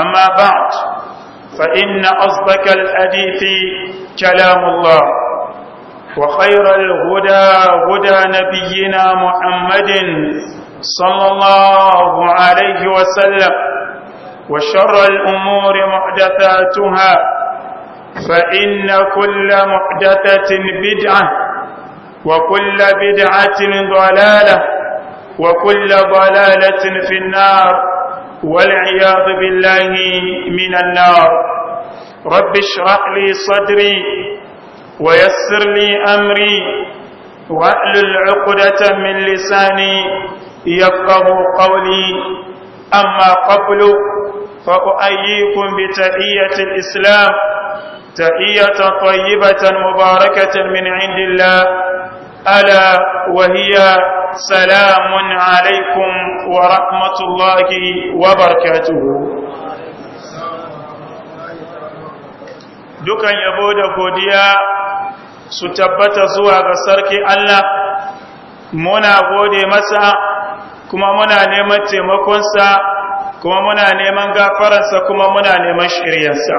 أما بعد فإن أصدق الحديث كلام الله وخير الهدى هدى نبينا محمد صلى الله عليه وسلم وشر الأمور محدثاتها فإن كل محدثة بدعة وكل بدعة ضلالة وكل ضلالة في النار والعياذ بالله من النار رب اشرح لي صدري ويسر لي أمري واحلل عقدة من لساني يفقه قولي أما قبل فأؤيكم بتحية الإسلام تحية طيبة مباركة من عند الله wahiya, وهي سلام wa rahmatullahi wa وبركاته dukan yabo da godiya su tabbata zuwa ga sarki Allah muna gode masa kuma muna neman taimakonsa kuma muna neman gafararsa kuma muna neman shiryarsa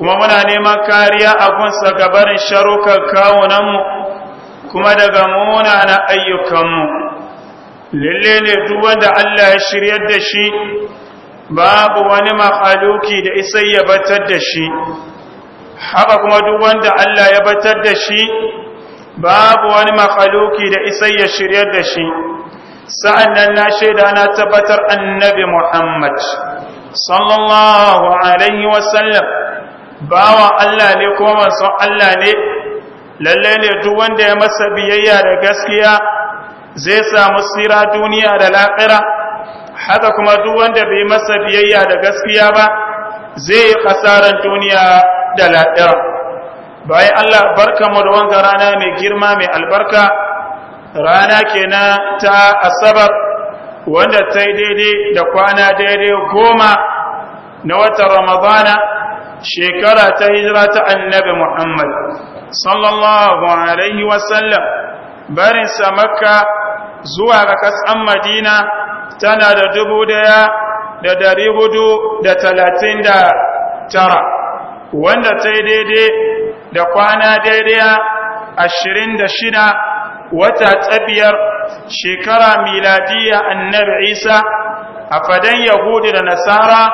kuma muna neman kariya a gunsa gabarin sharukan kawunanmu kuma daga na ayyukanmu lalle ne duk wanda Allah ya shiryar da shi babu wani mahaluki da isa ya batar da shi haka kuma duk wanda Allah ya batar da shi babu wani mahaluki da isa ya shiryar da shi sa'annan na shaida na tabbatar annabi Muhammad sallallahu alaihi wasallam bawa Allah ne kuma manzon Allah ne lalle ne duk wanda ya masa biyayya da gaskiya zai samu sira duniya da lafira haka kuma duk wanda bai masa biyayya da gaskiya ba zai yi kasaran duniya da lafira bayan Allah barka mu da wanga rana mai girma mai albarka rana kenan ta asabar wanda ta yi daidai da kwana daidai goma na watan ramadana shekara ta hijira ta annabi muhammad sallallahu alaihi wasallam barinsa makka zuwa ga kasan madina tana da dubu daya da dari hudu da talatin da tara wanda ta yi daidai da kwana daidaya ashirin da shida wata tsabiyar shekara miladiya annabi isa a fadan yahudi da nasara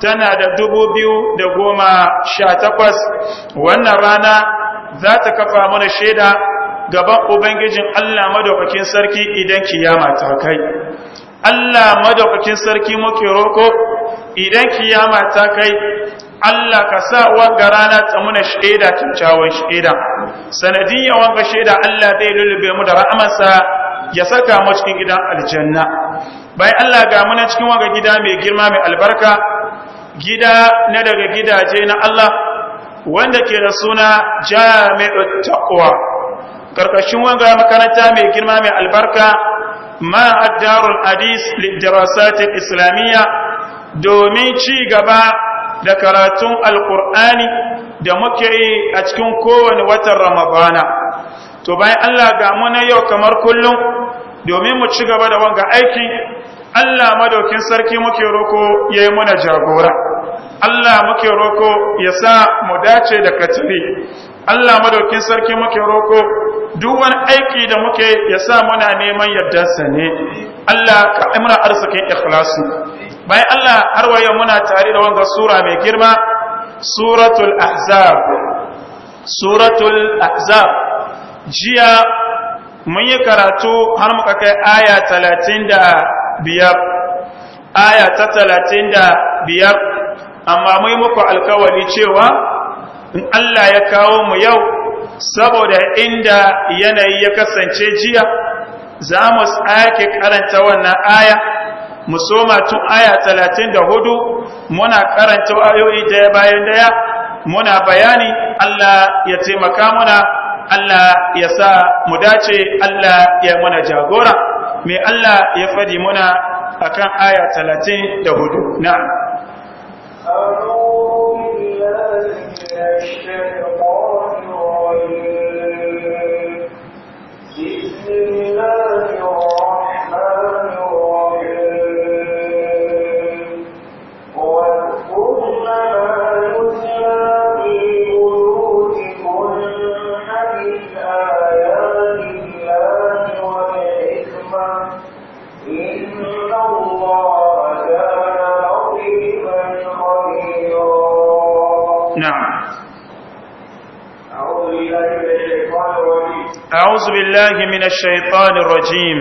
tana da dubu biyu da goma sha takwas wannan rana za ta kafa mana shaida gaban ubangijin allah madaukakin sarki idan kiyama ta kai allah madaukakin sarki muke roko idan kiyama ta kai Allah ka sa wanga rana ta muna shaida kyakkyawan shaida sanadiyya wanga shaida Allah zai lulube mu da ra'amarsa ya saka mu cikin gidan aljanna Bai Allah ga muna cikin wanga gida mai girma mai albarka gida na daga gidaje na Allah wanda ke da suna jami'u taqwa karkashin wanga makaranta mai girma mai albarka ma ad-darul hadis lid islamiyya domin ci gaba da karatun alkur'ani da muke yi a cikin kowane watan ramadana to bayan allah ga mu na yau kamar kullum domin mu ci gaba da wanga aiki allah madaukin sarki muke roko ya yi mana jagora allah muke roko ya sa mu dace da katiri allah madaukin sarki muke roko duk wani aiki da muke ya sa muna neman yardarsa ne allah ka imra arzikin ikhlasu bai Allah har wayo muna tare da wanga sura mai girma suratul ahzab suratul ahzab jiya mun yi karatu har muka kai aya 35 aya ta biyar. amma mai muku alkawari cewa in Allah ya kawo mu yau saboda inda yanayi ya kasance jiya za mu sake karanta wannan aya mu soma tun aya talatin da hudu muna karanta ayoyi daya bayan daya muna bayani Allah ya taimaka muna Allah ya sa mu dace Allah ya muna jagora Me Allah ya fadi muna akan aya talatin da hudu na بسم الله أعوذ بالله من الشيطان الرجيم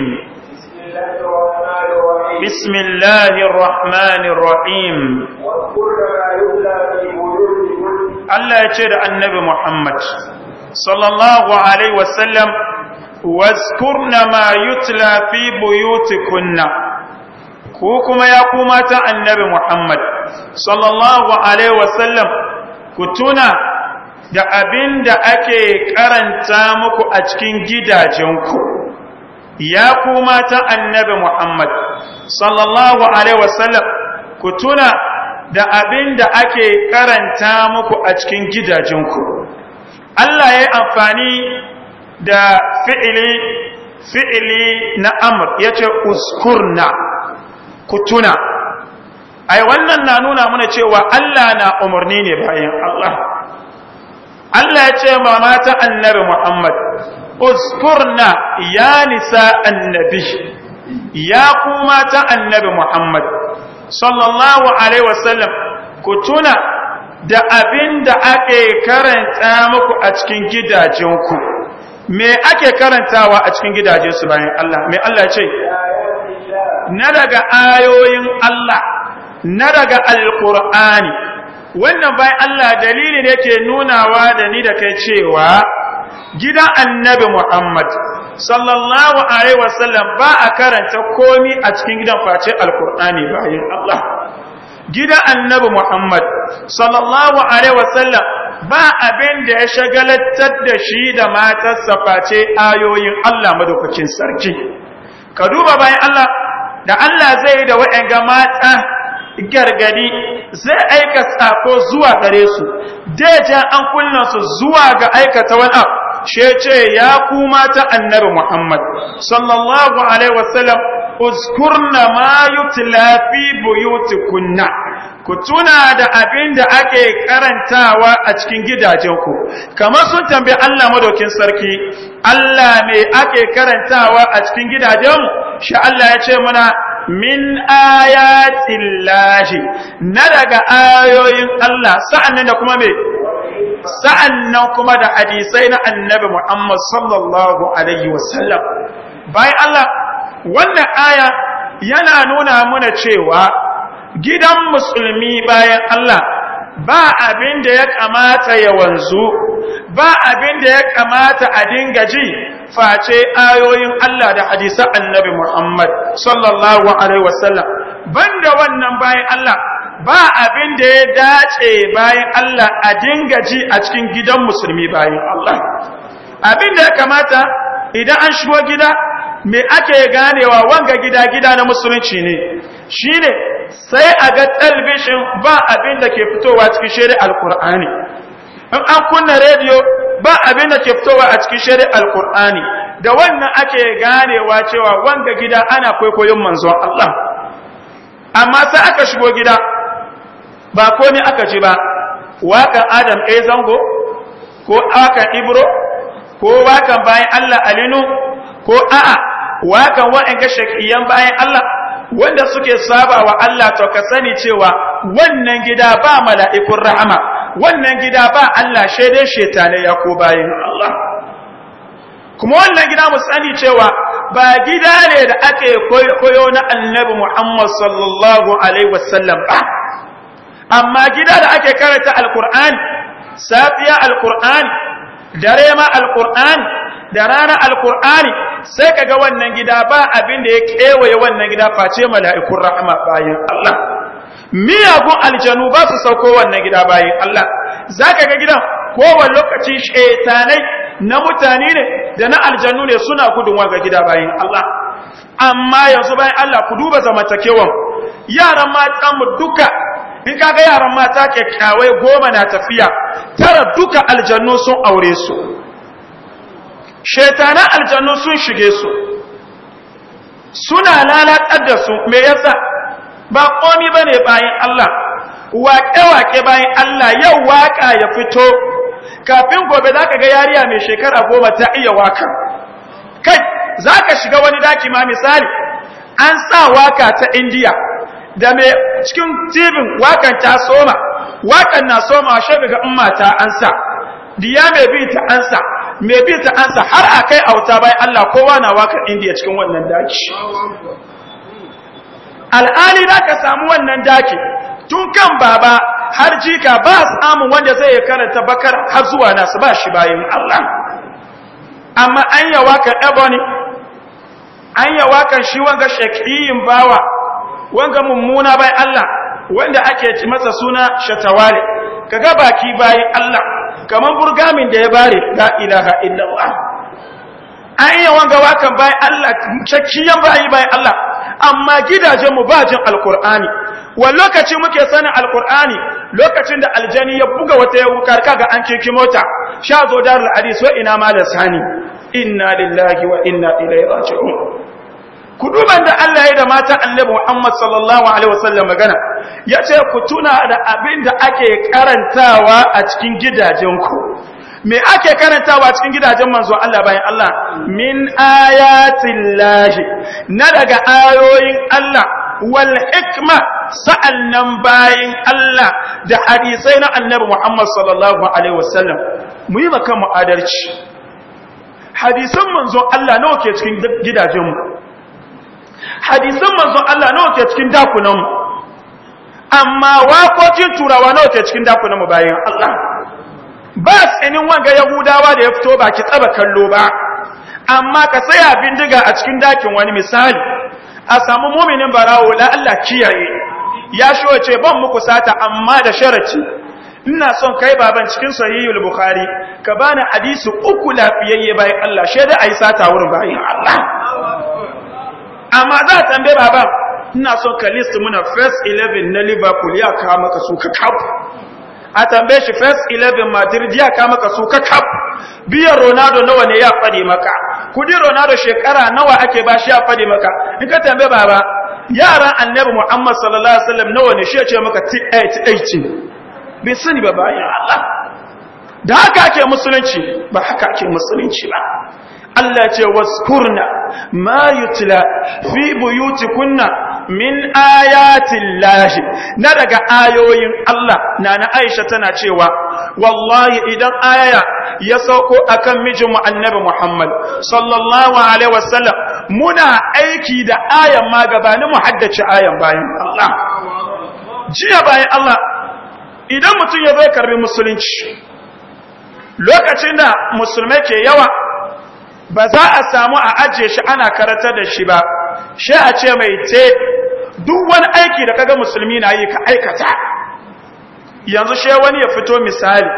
بسم الله الرحمن الرحيم الله يجد النبي محمد صلى الله عليه وسلم واذكرنا ما يتلى في بيوتكن كوكما يقوم النبي محمد صلى الله عليه وسلم كتونه da abin da ake karanta muku a cikin gidajenku ya kuma ta annabi Muhammad sallallahu alaihi wasallam ku tuna da abin da ake karanta muku a cikin gidajenku Allah ya yi amfani da fi'ili fi'ili na amr yace uskurna ku tuna ai wannan na nuna mana cewa Allah na umarni ne bayan Allah Allah ya ce ma mata annabi Muhammad uskurna ya nisa annabi ya ku mata annabi Muhammad sallallahu alaihi wasallam ku tuna da abin da ake karanta muku a cikin gidajenku me ake karantawa a cikin gidajensu bayan Allah me Allah ce na daga ayoyin Allah na daga alkur'ani wannan bai Allah dalili ne ke nunawa da ni da kai cewa gidan annabi Muhammad sallallahu alaihi wasallam ba a karanta komi a cikin gidan face alkur'ani bayan Allah gidan annabi Muhammad sallallahu alaihi wasallam ba abin da ya shagalatar da shi da matarsa face ayoyin Allah madaukakin sarki ka duba bayan Allah da Allah zai yi da wa'anga mata gargadi zai aika sako zuwa gare su dejan an kunna su zuwa ga aikata wani abu she ya kuma ta annabi Muhammad sallallahu alaihi wasallam uzkurna ma yutla fi buyutikunna ku tuna da abin da ake karantawa a cikin gidajenku kamar sun tambayi Allah madaukin sarki Allah ne ake karantawa a cikin gidajenmu shi Allah ya ce mana min ayatin lahi na daga ayoyin Allah sa'annan da kuma me kuma da hadisai na annabi Muhammad sallallahu alaihi wasallam bayan Allah wannan aya yana nuna mana cewa gidan musulmi bayan Allah ba abin da ya kamata ya wanzu ba abin da ya kamata a dinga ji face ayoyin Allah da hadisan annabi Muhammad sallallahu alaihi wasallam banda wannan bayan Allah ba abin da ya dace bayan Allah a dinga ji a cikin gidan musulmi bayan Allah abin da ya kamata idan an shigo gida me ake ganewa wanga gida gida na musulunci ne shine sai a ga talbishin ba abin da ke fitowa cikin shari'a alkur'ani in an kunna rediyo ba abin da ke fitowa a cikin shari'a alkur'ani da wannan ake ganewa cewa wanga gida ana kwaikwayon manzon Allah amma sai aka shigo gida ba komai aka ji ba wakan adam a zango ko wakan ibro ko wakan bayan Allah alinu ko a'a wakan wa'anga shakiyan bayan Allah wanda suke saba wa Allah to ka sani cewa wannan gida ba mala'ikun rahama wannan gida ba Allah shaidai shetane ya ko bayan Allah kuma wannan gida mu sani cewa ba gida ne da ake koyo na annabi Muhammad sallallahu alaihi wasallam ba amma gida da ake karanta alkur'an safiya alkur'an dare ma alkur'an da rana alkur'ani sai ka ga wannan gida ba abin da ya kewaye wannan gida face mala'ikun rahama bayan Allah miyagun aljanu ba su sauko wannan gida bayan Allah Za ka ga gidan kowane lokaci shetanai na mutane ne da na aljanu ne suna gudun wanga gida bayan Allah amma yanzu bayan Allah ku duba zamantakewan yaran matanmu duka in kaga yaran mata kyakkyawai goma na tafiya tara duka aljanu sun aure su shaitanan aljannu sun shige su suna lalatar da su me yasa ba komi bane bayan Allah waƙe-waƙe bayan Allah yau waƙa ya fito kafin gobe za ka ga yariya mai shekara goma ta iya waƙa kai za ka shiga wani daki ma misali an sa waƙa ta indiya da mai cikin tibin waƙan ta soma waƙan na soma shabi ga mata an sa diya mai bi ta ansa? mai bi ta ansa har a kai auta bai Allah kowa na waka indiya cikin wannan daki al'ali za ka samu wannan daki tun kan baba har jika ba samun wanda zai karanta bakar har zuwa nasu ba shi bayan Allah amma an yawa kan ebony an yawa kan shi wanga shekiyin bawa wanga mummuna bai Allah wanda ake masa suna shatawale kaga baki bayan Allah kamar burgamin da ya bare la ilaha illallah an yi wanga wakan bayan Allah cakkiyan bayi bayan Allah amma gidajenmu bajin alkur'ani wa lokacin muke sanin alkur'ani lokacin da aljani ya buga wata yau karka ga an kiki mota sha zo darul hadis wa ina malasani sani inna lillahi wa inna ilaihi raji'un ku duban da Allah ya yi da matan annabi Muhammad sallallahu alaihi wasallam magana yace ku tuna da abin da ake karantawa a cikin gidajenku me ake karantawa a cikin gidajen manzo Allah bayan Allah min ayatin na daga ayoyin Allah wal hikma sa'annan bayin Allah da hadisai na annabi Muhammad sallallahu alaihi wasallam mu yi maka mu adalci hadisan manzo Allah nawa ke cikin gidajenmu hadisan manzon Allah nawa ke cikin dakunan amma waƙocin turawa nawa ke cikin dakunan mu bayan Allah ba tsinin wanga yahudawa da ya fito ba ki tsaba kallo ba amma ka tsaya bindiga a cikin dakin wani misali a samu muminin barawo la Allah kiyaye ya showa ce ban muku sata amma da sharaci ina son kai baban cikin sahihul bukhari ka bani hadisi uku lafiyayye bayan Allah shaida yi sata wurin bayan Allah amma za a tambe baban ina son ka list muna first 11 na liverpool ya kawo maka su ka a tambe shi first 11 madrid ya kawo maka su ka kawo biyan ronaldo nawa ne ya faɗi maka kudin ronaldo shekara nawa ake ba shi ya faɗi maka in ka tambe baba yaran annabi muhammad sallallahu alaihi wasallam nawa ne shi ya ce maka 18 bai sani ba bayan allah da haka ake musulunci ba haka ake musulunci ba Allah ce waskurna ma yutla fi buyutikunna min ayatin lahi na daga ayoyin Allah na na Aisha tana cewa wallahi idan aya ya sauko akan mijinmu annabi Muhammad sallallahu alaihi wasallam muna aiki da ayan ma gabanin mu haddace ayan bayan Allah jiya bayan Allah idan mutum ya zo karbi musulunci lokacin da musulmai ke yawa ba za a samu a ajiye shi ana karatar da shi ba shi a ce mai te duk wani aiki da kaga musulmi na yi ka aikata yanzu shi wani ya fito misali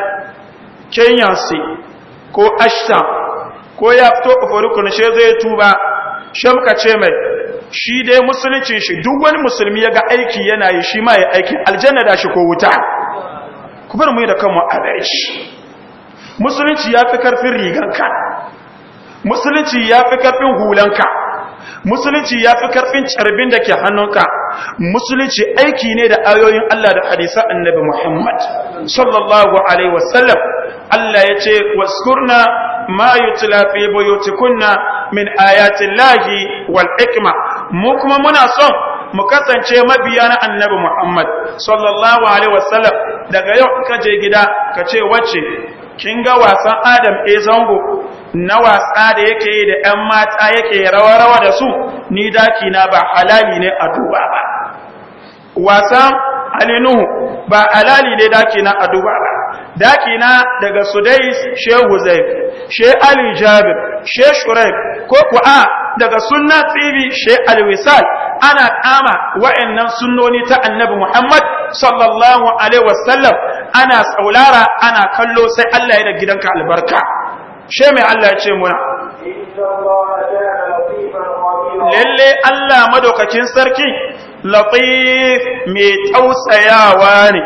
kenyansi ko ashtam ko ya fito ofurukun shi zai tuba shi muka ce mai shi dai musulunci shi duk wani musulmi ya ga aiki yana yi shi ma ya aiki aljanna da shi ko wuta ku bar mu yi da kanmu a musulunci ya fi karfin rigar kan musulunci ya fi karfin hulanka musulunci ya fi karfin carbin da ke hannunka musulunci aiki ne da ayoyin Allah da hadisa annabi Muhammad sallallahu alaihi wasallam Allah ya ce waskurna ma yutla fi buyutikunna min ayati llahi wal hikma mu kuma muna son mu kasance mabiya na annabi Muhammad sallallahu alaihi wasallam daga yau kaje gida ka ce wacce kin ga wasan Adam e zango na wasa da yake yi da ‘yan mata yake rawa-rawa da su ni daki na ba halali ne a duba ba wasan alinuhu ba halali ne daki na a duba ba daki na daga sudais shehu zaif she ali jabir she shuraib ko ku'a daga sunna tv she alwisal ana kama wa'annan sunnoni ta annabi muhammad sallallahu alaihi wasallam ana saulara ana kallo sai allah ya da gidanka albarka she mai Allah ce muna lalle Allah madaukakin sarki latif mai tausayawa ne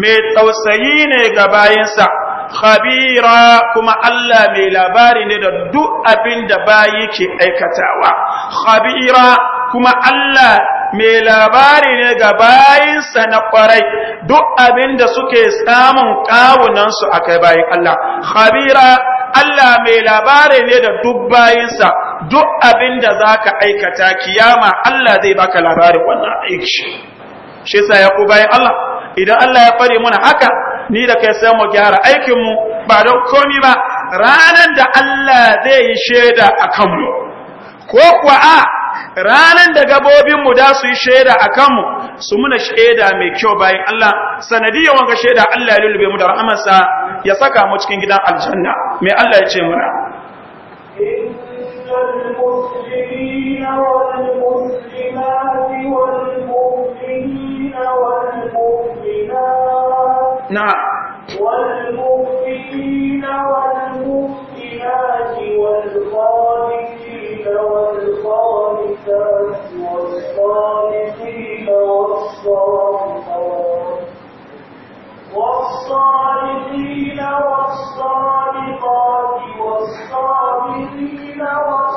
mai tausayi ne ga bayinsa khabira kuma Allah mai labari ne da duk abin da bayi ke aikatawa khabira kuma Allah mai labari ne ga bayinsa na kwarai duk abin da suke samun kawunansu a kai bayin Allah khabira Allah mai labari ne da duk bayinsa duk abin da za ka aikata kiyama Allah zai baka labarin wannan aiki shi yasa ya ku bayan Allah idan Allah ya fare muna haka ni da kai sai mu gyara aikin mu ba don komi ba ranan da Allah zai yi shaida akan mu ko kuwa a ranan da gabobin mu da su yi shaida a kanmu, su muna shaida mai kyau bayan Allah sanadiyar wanga shaida Allah ya lulube mu da rahamarsa ya saka mu cikin gidan aljanna mai Allah ya ce muna والمسلمين والمسلمات والمسلمين نعم والمؤمنين والمؤمنات والخالقين والخالقات والصالحين والصالحات والصالحين والصالحات والصابرين والصابرين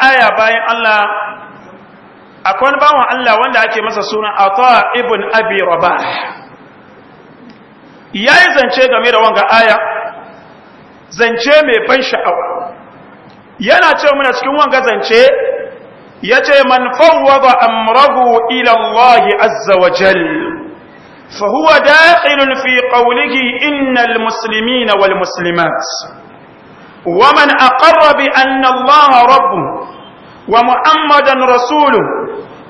aya bayan Allah akwai wani bawan Allah wanda ake masa suna ta ibn Abi ya yayi zance game da wanga aya zance mai ban sha'awa yana ce muna cikin wanga zance ya ce man fawwada amrahu ila Allah azza wa jalla fi داخل innal musulmi na wal والمسلمات ومن أقر بأن الله رب ومحمدا رسوله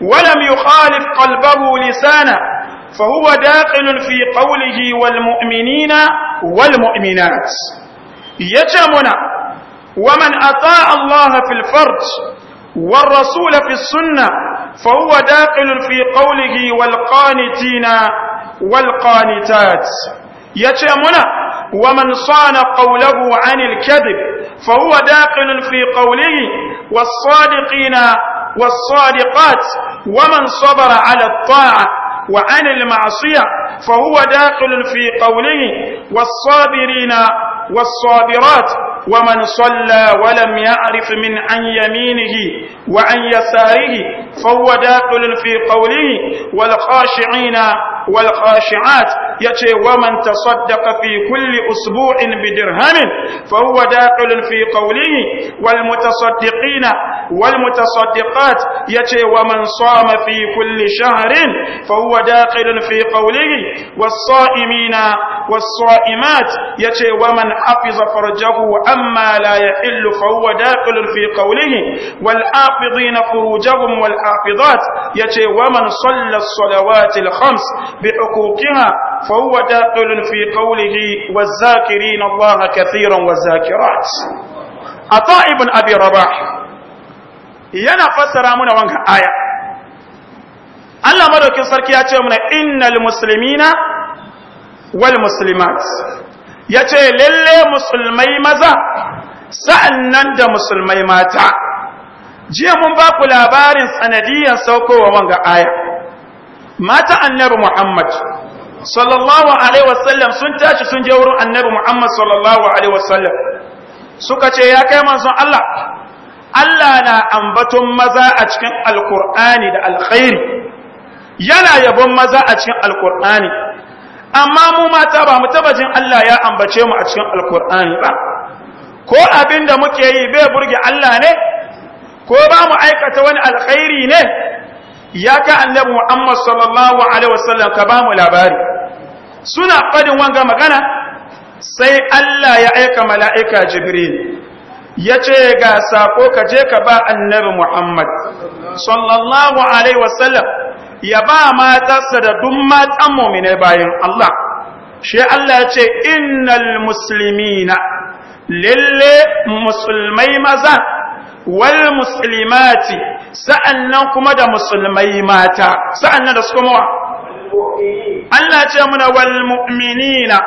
ولم يخالف قلبه لسانه فهو داخل في قوله والمؤمنين والمؤمنات يجمنا ومن أطاع الله في الفرج والرسول في السنة فهو داخل في قوله والقانتين والقانتات يجمنا ومن صان قوله عن الكذب فهو داخل في قوله والصادقين والصادقات ومن صبر على الطاعة وعن المعصية فهو داخل في قوله والصابرين والصابرات ومن صلى ولم يعرف من عن يمينه وعن يساره فهو داخل في قوله والخاشعين والخاشعات يتي ومن تصدق في كل أسبوع بدرهم فهو داخل في قوله والمتصدقين والمتصدقات يتي ومن صام في كل شهر فهو داخل في قوله والصائمين والصائمات يتي ومن حفظ فرجه وأما لا يحل فهو داخل في قوله والآفضين فروجهم والآفضات يتي ومن صلى الصلوات الخمس بحقوقها فهو داخل في قوله والذاكرين الله كثيرا والذاكرات عطاء بن أبي رباح yana fassara muna wanka aya Allah madaukin sarki ya ce muna innal ya ce lalle musulmai maza Sa'an nan da musulmai mata jiya mun ba ku labarin sanadiyyar saukowa wanga aya mata annabi muhammad sallallahu alaihi wasallam sun tashi sun je wurin annabi muhammad sallallahu alaihi wasallam suka ce ya kai manzon Allah Allah na ambaton maza a cikin alkur'ani da alkhairi yana yabon maza a cikin alkur'ani amma mu mata ba mu taba jin Allah ya ambace mu a cikin alkur'ani ba ko abin da muke yi bai burge Allah ne ko ba mu aikata wani alkhairi ne ya ka annabi Muhammad sallallahu alaihi wasallam ka ba mu labari suna fadin wanga magana sai Allah ya aika mala'ika Jibril ya ce ga sako ka je ka ba annabi Muhammad sallallahu alaihi wasallam ya ba matarsa da duk matan mu'mine bayan Allah shi Allah ya ce innal muslimina lalle musulmai maza wal muslimati sa'annan kuma da musulmai mata sa'annan da su kuma Allah ce muna wal mu'minina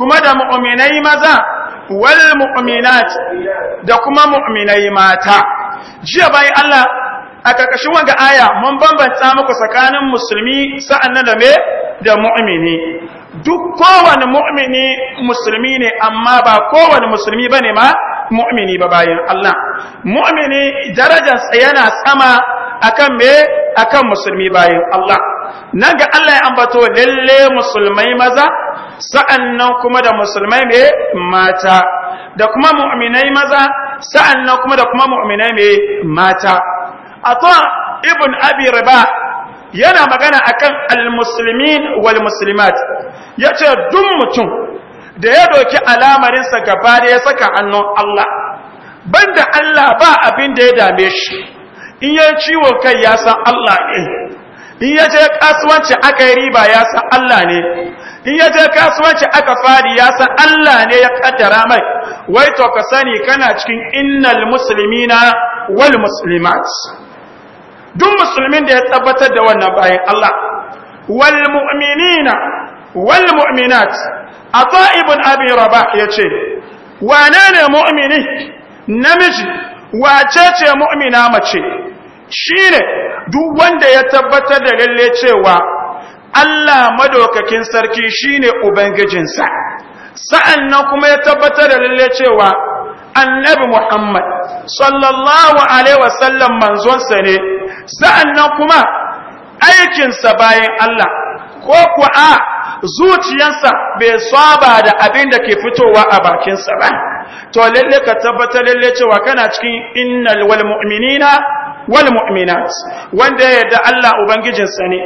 kuma da mu'minai maza wal mu'minat da kuma mu'minai mata jiya bai Allah a ƙarƙashin wanga aya mun bambanta muku tsakanin musulmi sa'annan da me da mu'mini duk kowane mu'mini musulmi ne amma ba kowane musulmi bane ma mu'mini ba bayan Allah mu'mini darajarsa yana sama akan me akan musulmi bayan Allah nan ga Allah ya ambato lalle musulmai maza sa'annan kuma da musulmai me mata da kuma mu'minai maza sa'annan kuma da kuma mu'minai me mata ata ibn abi yana magana akan almuslimin wal muslimat yace duk mutum da ya doki alamarin sa gaba da ya saka hannun Allah banda Allah ba abin da ya dame shi in ya ciwo kai ya san Allah ne in ya je kasuwanci aka yi riba ya san Allah ne in ya je kasuwanci aka fadi ya san Allah ne ya kaddara mai wai to ka sani kana cikin innal muslimina wal muslimat duk musulmin da ya tabbatar da wannan bayan Allah wal mu'minina wal mu'minat ata ibn abi rabah yace wane ne mu'mini namiji wace ce mu'mina mace shine duk wanda ya tabbatar da lalle cewa Allah madaukakin sarki shine ubangijinsa sa'annan kuma ya tabbatar da lalle cewa annabi Muhammad sallallahu alaihi wasallam manzonsa ne sa'an nan kuma aikinsa bayan Allah ko kuwa zuciyarsa bai saba da abin da ke fitowa a bakinsa ba to lalle ka tabbatar lalle cewa kana cikin innal wal mu'minina wanda ya yarda Allah ubangijinsa ne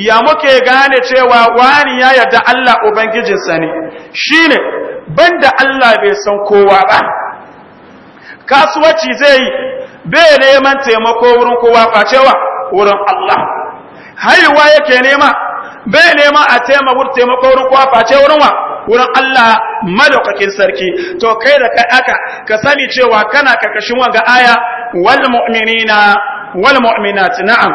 ya muke gane cewa wani ya yarda Allah ubangijinsa ne shine banda Allah bai san kowa ba kasuwaci zai yi bai neman taimako wurin kowa facewa wurin Allah haihuwa yake nema bai nema a taimako wurin taimako wurin kowa face wurin wa wurin Allah madaukakin sarki to kai da kai aka ka sani cewa kana karkashin wanga aya wal mu'minina wal mu'minat na'am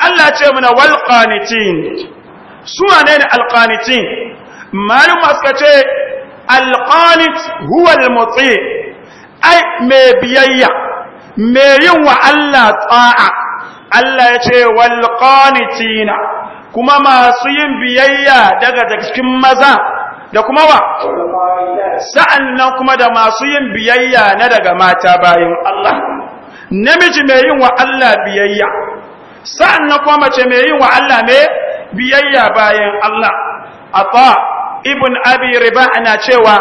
Allah ce mana wal qanitin su ne ne al qanitin malum aska ce al qanit huwa al muti ai mai biyayya mai yin wa Allah tsa'a Allah ya ce wal qanitina kuma masu yin biyayya daga cikin maza da kuma wa sa'annan kuma da masu yin biyayya na daga mata bayan Allah namiji mai yin wa Allah biyayya sa'annan kuma mace mai yin wa Allah ne biyayya bayan Allah ata ibn abi riba ana cewa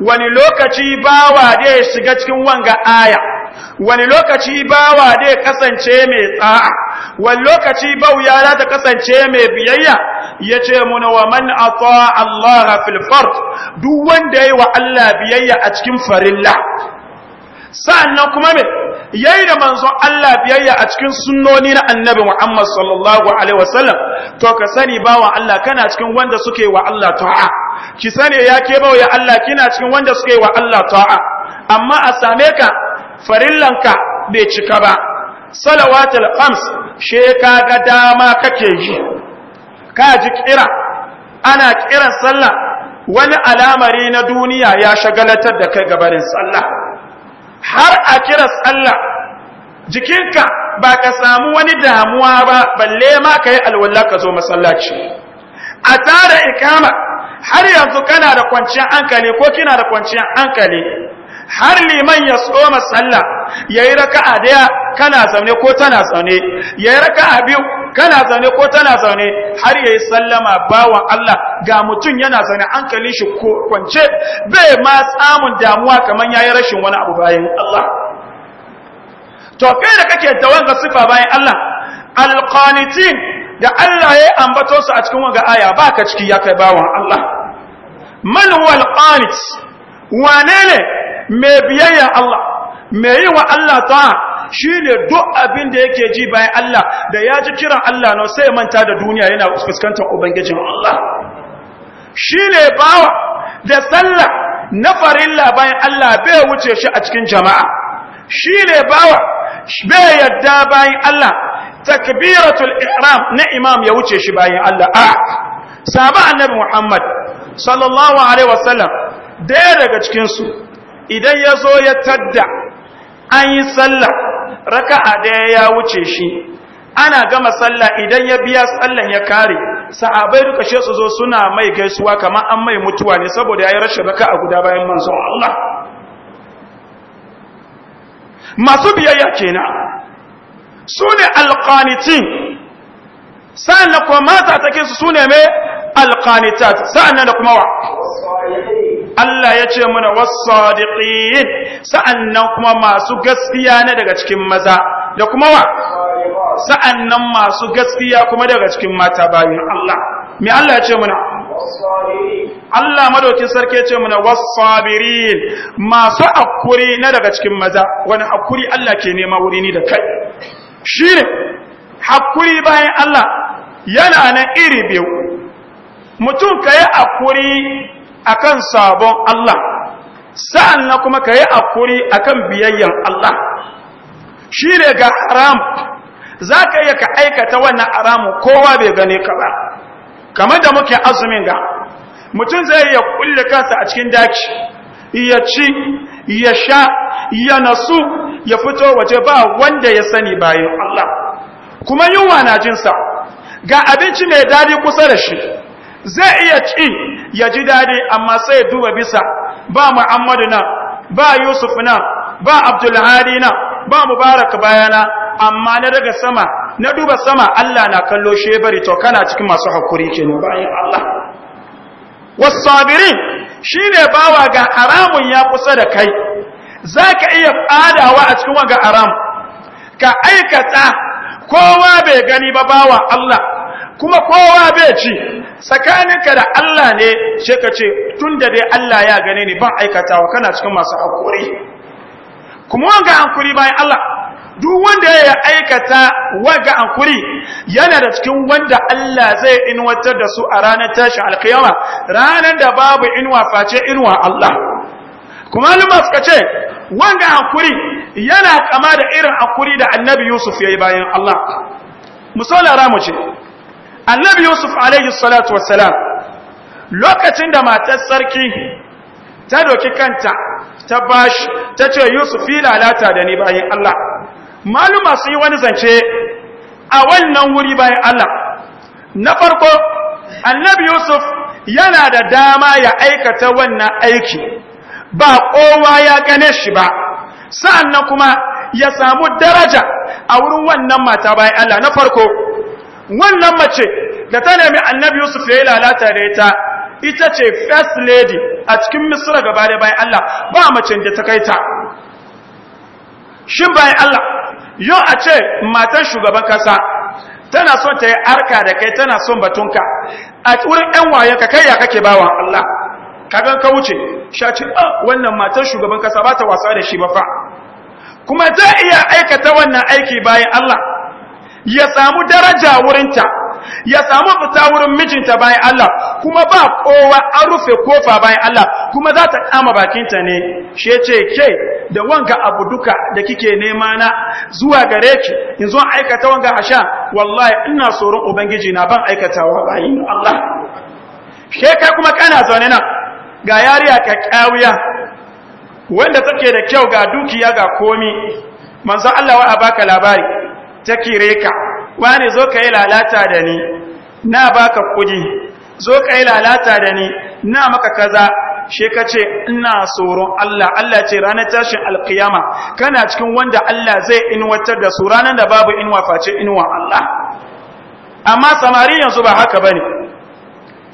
wani lokaci bawa dai shiga cikin wanga aya wani lokaci bawa dai kasance mai tsa'a wani lokaci bauya za ta kasance mai biyayya ya ce muna wa man ata Allah fil fard duk wanda yayi wa Allah biyayya a cikin farilla nan kuma me yayi da manzo Allah biyayya a cikin sunnoni na annabi Muhammad sallallahu alaihi wasallam to ka sani bawa Allah kana cikin wanda suke wa Allah ta'a ki sani ya ke bawa ya Allah kina cikin wanda suke wa Allah ta'a amma a same ka farillanka bai cika ba salawatul khams she ka ga dama kake ji ka ji kira ana kiran sallah wani alamari na duniya ya shagalatar da kai gabarin sallah har a kira sallah jikinka ba ka samu wani damuwa ba balle ma ka yi alwallah ka zo masallaci a tara ikama har yanzu kana da kwanciyar hankali ko kina da kwanciyar hankali har liman ya tsoma sallah yayi raka'a daya kana zaune ko tana zaune yayi raka'a biyu kana zane ko tana zane har yayi sallama bawan Allah ga mutum yana zane an kalle shi ko kwance bai ma samun damuwa kaman yayi rashin wani abu bayan Allah to kai da kake da sifa bayan Allah alqanitin da Allah ya ambato su a cikin wanga aya baka ciki ya kai bawan Allah man wal qanit wanene mai biyayya Allah mai yi wa Allah ta'a shine duk abin da yake ji bayan Allah da ya ji kiran Allah na sai manta da duniya yana fuskantar ubangijin Allah ne bawa da sallah na farilla bayan Allah bai wuce shi a cikin jama'a ne bawa bai yadda bayan Allah takbiratul ihram na imam ya wuce shi bayan Allah a annabi Muhammad sallallahu alaihi wasallam daya daga cikin su idan ya zo ya tadda an yi sallah raka'a daya ya wuce shi ana gama sallah idan ya biya sallan ya kare sa'abai duka shi su zo suna mai gaisuwa kamar an mai mutuwa ne saboda yayi rashin raka'a guda bayan manzon Allah masu biyayya kenan sune alqanitin sannan kuma mata take su sune me alqanitat sa'annan da kuma wa Allah ya ce muna was-sadiqin sa'annan kuma masu gaskiya ne daga cikin maza da kuma wa sa'annan masu gaskiya kuma daga cikin mata bayin Allah me Allah ya ce muna Allah madaukin sarki ya ce muna wasabirin sabirin masu akuri na daga cikin maza wani akuri Allah ke nema wuri ni da kai shine hakuri bayan Allah yana nan iri biyu mutum ka yi akuri a kan sabon Allah sa'an na kuma ka yi akuri a kan biyayyen Allah shi ne ga haram za ka iya ka aikata wannan haramun kowa bai gane ka ba kamar da muke azumin ga mutum zai iya kulle kansa a cikin daki ya ci ya sha ya nasu ya fito waje ba wanda ya sani bayan Allah kuma yunwa na jinsa ga abinci mai dadi kusa da shi zai iya ci ya ji daɗi amma sai duba bisa ba muhammadu na ba yusuf na ba abdulhadi na ba mubarak bayana amma na daga sama na duba sama allah na kallo shebari to kana cikin masu haƙuri ke bayan allah wasabirin shi ne bawa ga haramun ya kusa da kai za ka iya fadawa a cikin waga haram ka aikata kowa bai gani ba bawa allah kuma kowa bai ci tsakaninka da Allah ne sai ka ce tun da dai Allah ya gane ni ban aikatawa kana cikin masu hankuri kuma wanga hankuri bayan Allah duk wanda ya aikata waga kuri yana da cikin wanda Allah zai inwatar da su a ranar tashin alkiyama ranar da babu inuwa face inuwa Allah kuma lima suka ce wanga hankuri yana kama da irin hankuri da annabi Yusuf ya yi bayan Allah musallara mu ce annabi yusuf alayhi salatu wassalam lokacin da matar sarki ta doki kanta ta bashi ta ce yusuf yi lalata da ni bayan allah maluma su yi wani zance a wannan wuri bayan allah na farko annabi yusuf yana da dama ya aikata wannan aiki ba kowa ya gane shi ba sa'annan kuma ya samu daraja a wurin wannan mata bayan allah na farko wannan mace da ta nemi annabi yusuf ya yi lalata da ita ita ce first lady a cikin misra gaba da bayan allah ba mace da ta kai ta shin bayan allah yau a ce matan shugaban kasa tana son ta yi arka da kai tana son batunka a wurin yan wayan ka kai ya kake bawa allah kagan ka wuce shaci a ah, wannan matan shugaban kasa ba ta wasa da shi ba fa kuma ta iya aikata wannan aiki bayan allah ya samu daraja wurinta ya samu fita wurin mijinta bayan Allah kuma ba kowa an rufe kofa bayan Allah kuma za ta kama bakinta ne she ce ke da wanga abu duka da kike nema na zuwa gare ki in zo aikata wanga a sha, wallahi ina tsoron ubangiji na ban aikata wa bayin Allah she kai kuma kana zaune nan ga yariya ka kawuya wanda take da kyau ga dukiya ga komi manzo Allah wa baka labari ta kire ka wani zo ka yi lalata da ni na baka kudi zo ka yi lalata da ni na maka kaza she ka ce ina tsoron Allah Allah ce ranar tashin alkiyama kana cikin wanda Allah zai inwatar da su ranar da babu inwa face inwa Allah amma samari yanzu ba haka bane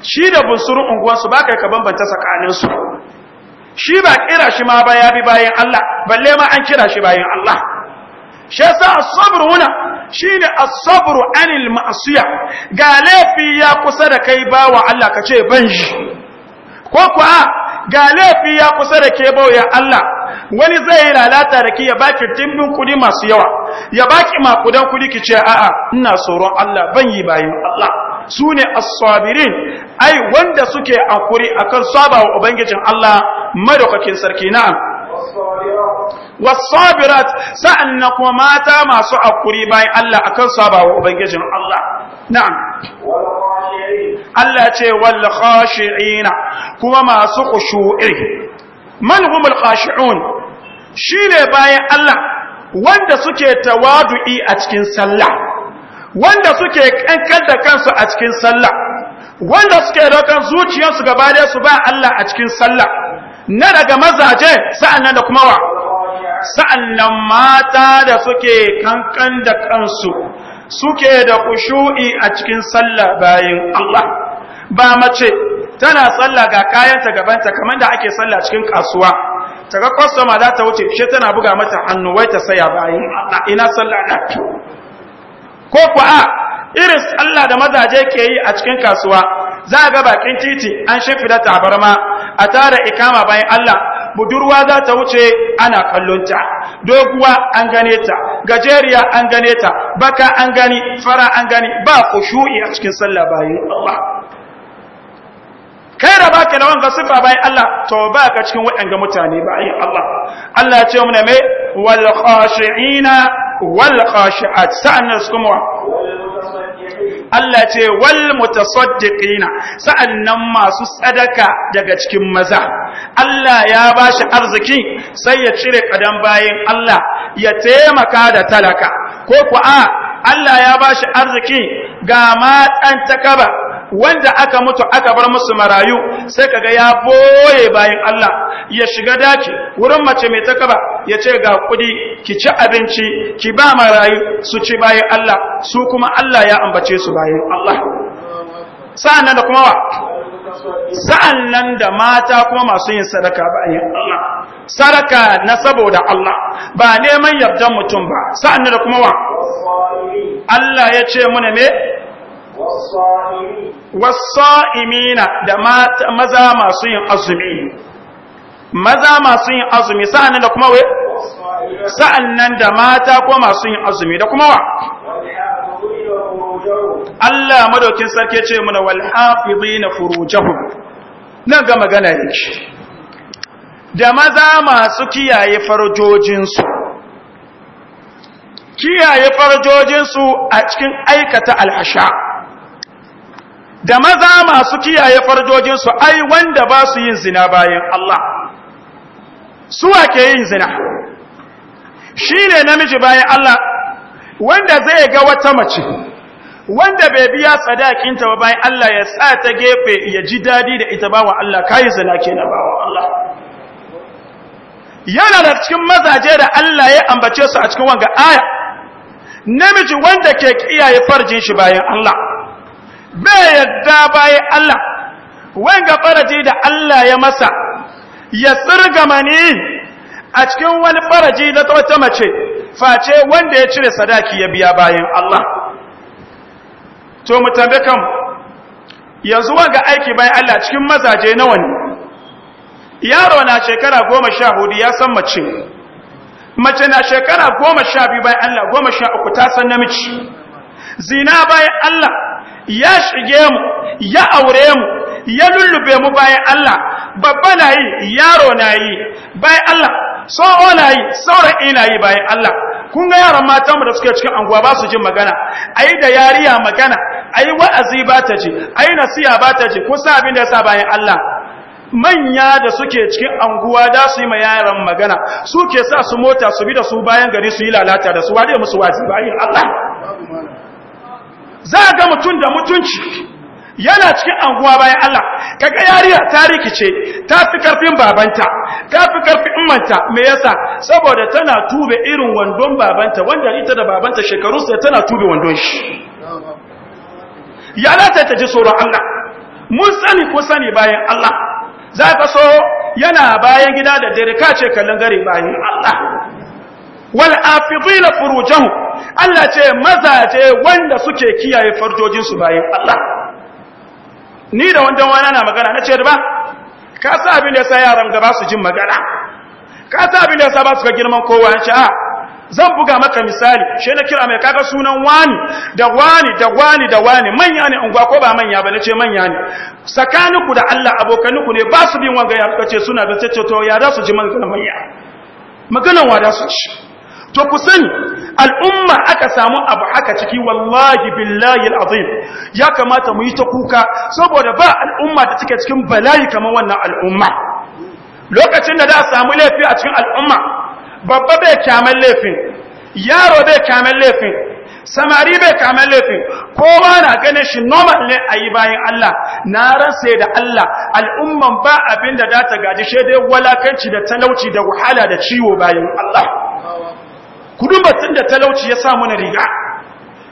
shi da bunsurun unguwansu ba kai ka bambanta tsakaninsu shi ba kira shi ma ba ya bi bayan Allah balle ma an kira shi bayan Allah shasa asabru shi huna shine as anil ma'siya ga laifi ya kusa da kai bawa Allah kace ban shi ko kuwa ga laifi ya kusa da ke ya Allah wani zai lalata da ke ya baki timbin kudi masu yawa ya baki makudan kudi ki ce a'a ina tsoron Allah ban yi bayin Allah su ne as ai wanda suke akuri akan sabawa wa ubangijin Allah madaukakin sarki na'am wasabirat sa'an na kuma mata masu hakuri bayan Allah akan saba wa ubangijin Allah na'am Allah ce wal khashi'ina kuma masu khushu'i man humul khashi'un shine bayan Allah wanda suke tawadu'i a cikin sallah wanda suke kankan da kansu a cikin sallah wanda suke rokan zuciyarsu gaba su ba Allah a cikin sallah na daga mazaje sa'annan da kuma wa sa'annan mata da suke kankan da kansu suke da kushu'i a cikin sallah bayin Allah ba mace tana sallah ga kayanta gabanta kamar da ake sallah cikin kasuwa ta ga kwastoma za ta wuce shi tana buga mata hannu wai ta saya bayin Allah ina sallah na ko ku irin Allah da mazaje ke yi a cikin kasuwa za ga bakin titi an shimfida tabarma a tara ikama bayan Allah budurwa za ta wuce ana kallonta doguwa an gane ta gajeriya an gane ta baka an gani fara an gani ba ku shu'i a cikin sallah bayan Allah kai da baki lawan ga sifa bayan Allah to ba ka cikin waɗanda mutane bayan Allah Allah ya ce mu ne mai wal khashi'ina wal khashi'at sa'an nas kuma Allah ce wal mutasaddiqina sa'annan masu sadaka daga cikin maza Allah ya bashi arziki sai ya cire kadan bayin Allah ya taimaka da talaka ko ku a Allah ya bashi arziki ga matan takaba wanda aka mutu aka bar musu marayu sai kaga ya boye bayan Allah ya shiga daki wurin mace mai takaba ya ce ga kudi ki ci abinci ki ba marayu su ci bayan Allah su kuma Allah ya ambace su bayan Allah sa'an da kuma wa sa'an da mata kuma masu yin sadaka bayan Allah sadaka na saboda Allah ba neman yabdan mutum ba sa'an da kuma wa Allah ya ce mu ne me wasa'imina da maza masu yin azumi maza masu yin azumi sa'an nan da kuma Sa'an nan da mata ko masu yin azumi da kuma wa Allah madaukin sarki ce muna wal hafizina furujahu nan ga magana yake da maza masu kiyaye farjojinsu kiyaye farjojinsu a cikin aikata alhasha da maza masu kiyaye farjojinsu ai wanda ba su yin zina bayan Allah suwa ke yin zina shi ne namiji bayan Allah wanda zai ga wata mace wanda bai biya sadakinta ba bayan Allah ya sa ta gefe ya ji dadi da ita bawa Allah kayi zina na bawa Allah yana da cikin mazaje da Allah ya ambace su a cikin wanga aya namiji wanda ke kiyaye farjin shi bayan Allah bai yadda bayan Allah wanga faraji da Allah ya masa ya tsirga mani a cikin wani faraji na wata mace face wanda ya cire sadaki ya biya bayan Allah to mu tambaye kan yanzu wanga aiki bayan Allah cikin mazaje nawa ne yaro na shekara goma sha hudu ya san mace mace na shekara goma sha biyu bayan Allah goma sha uku ta san namiji zina bayan Allah ya shige mu ya aure mu ya lullube mu bayan Allah babba na yi yaro na yi bayan Allah tsoho na yi saurayi na yi bayan Allah kun ga yaran mu da suke cikin anguwa ba su jin magana Ayi da yariya magana a wa'azi ba ta ji, a yi nasiya ba ta ce kusa abin da ya sa bayan Allah manya da suke cikin anguwa da su yi ma yaran magana suke sa su mota su bi da su bayan gari su yi lalata da su waje musu wazi bayan Allah za ga mutum da mutunci yana cikin anguwa bayan Allah kaga yariya ta rikice ta fi karfin babanta ta fi karfin ummanta me yasa saboda tana tube irin wandon babanta wanda ita da babanta shekaru sai tana tube wandon shi yana ta taji tsoron Allah mun sani ko sani bayan Allah za ka so yana bayan gida da dare ka ce kallon gare bayan Allah wal afidina furujahum Allah ce mazaje wanda suke kiyaye farjojin su bayan Allah ni da wanda wani na magana na ce da ba ka sa abin da sa yaran gaba su jin magana ka sa abin da sa ba su ga girman kowa ya ce a ah, zan buga maka misali shi na kira mai kaga sunan wani da wani da wani da wani manya ne unguwa ko ba manya ba ce manya ne sakaniku da Allah abokaninku ne ba su bin wanga ya kace suna da tace to ya da su ji magana manya maganan wa da su ci to ku sani al'umma aka samu abu haka ciki wallahi billahi al'azim ya kamata mu yi ta kuka saboda ba al'umma da take cikin bala'i kamar wannan al'umma lokacin da za a samu laifi a cikin al'umma babba bai kyaman laifin yaro bai kyaman laifin samari bai kama laifin kowa na ganin shi normal ne a yi bayan Allah na ransa da Allah al'umman ba abin da ta gaji shaidai walakanci da talauci da wahala da ciwo bayan Allah kudin batun da talauci ya sa na riga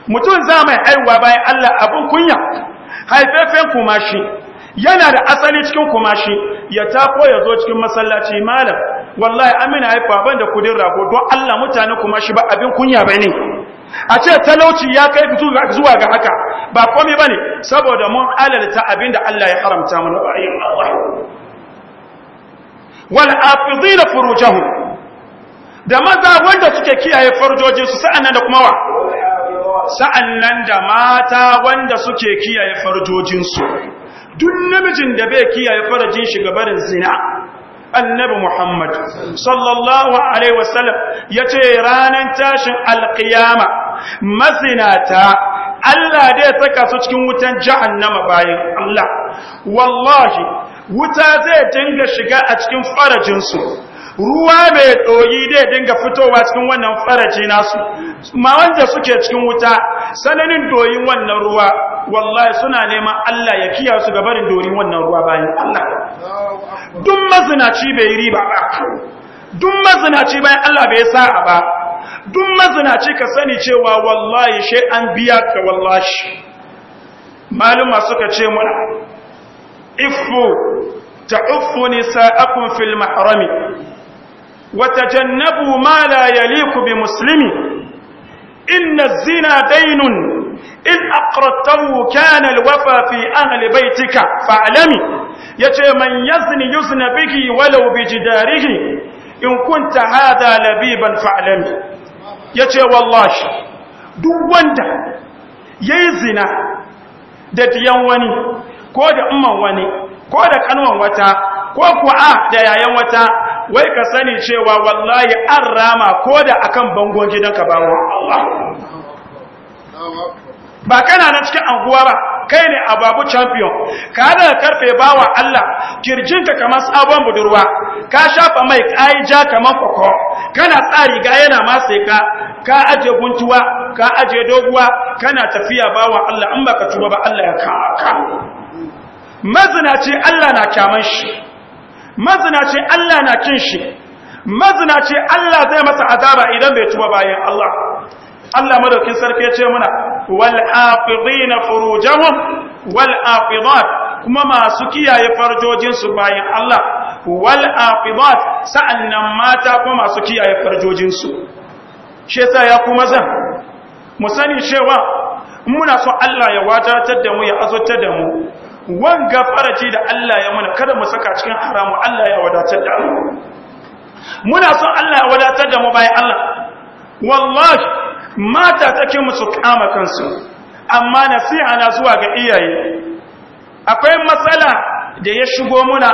mutum za mai haihuwa bayan Allah abin kunya haifafen kumashi yana da asali cikin kumashi ya tafo ya zo cikin masallaci malam wallahi amina haifa abin da kudin rago don Allah mutane kumashi ba abin kunya ba ne a ce talauci ya kai zuwa ga haka ba komai ba ne saboda mun alalta abin da Allah ya haramta mana wa'ayin Allah wal afidina furujahum da maza wanda suke kiyaye farjojinsu sa'annan da kuma wa sa'annan da mata wanda suke kiyaye farjojinsu duk namijin da bai kiyaye farajin shi gabarin zina annabi Muhammad sallallahu alaihi wasallam ce ranan tashin alkiyama mazinata Allah dai saka su cikin wutan jahannama bayan Allah wallahi wuta zai dinga shiga a cikin farajinsu ruwa mai ɗoyi dai dinga fitowa cikin wannan faraji nasu ma wanda suke cikin wuta sananin doyin wannan ruwa wallahi suna neman Allah ya kiyasu su gabarin doyin wannan ruwa bayan Allah duk mazinaci bai riba ba duk mazinaci bayan Allah bai sa'a ba duk mazinaci ka sani cewa wallahi shi an biya ka wallahi maluma suka ce mana ifu ta'uffu nisa'akum fil mahrami وتجنبوا ما لا يليق بمسلم إن الزنا دين إن أقرته كان الوفى في أهل بيتك فاعلمي يتي من يزن يزن به ولو بجداره إن كنت هذا لبيبا فاعلمي يتي والله دوان دا يزنا da diyan wani ko da umman wani ko da kanwan wata ko kuwa da yayan wata wai ka sani cewa wallahi an rama ko da akan bangon gidanka ba wa Allah ba kana na cikin anguwa ba kai ne ababu champion ka da karfe bawa Allah kirjinka kamar sabon budurwa ka shafa mai kai ja kamar koko kana tsari ga yana ma sai ka ka aje guntuwa ka aje doguwa kana tafiya bawa Allah in baka tuba ba Allah ya ka mazina ce Allah na kyaman shi mazinaci Allah na cin shi mazinaci Allah zai masa azaba idan bai tuba bayan Allah Allah madaukin sarki ya ce muna wal afidina furujahum wal afidat kuma masu kiyaye farjojin su bayan Allah wal afidat sa'annan mata kuma masu kiyaye farjojin su shi yasa ya kuma zan mu sani cewa muna so Allah ya wadatar da mu ya azotar da mu wanga farati da Allah ya muna kada mu saka cikin haramu Allah ya wadatar da mu muna son Allah ya wadatar da mu bayan Allah wallahi mata take mu su kama kansu amma nasiha na zuwa ga iyaye akwai matsala da ya shigo muna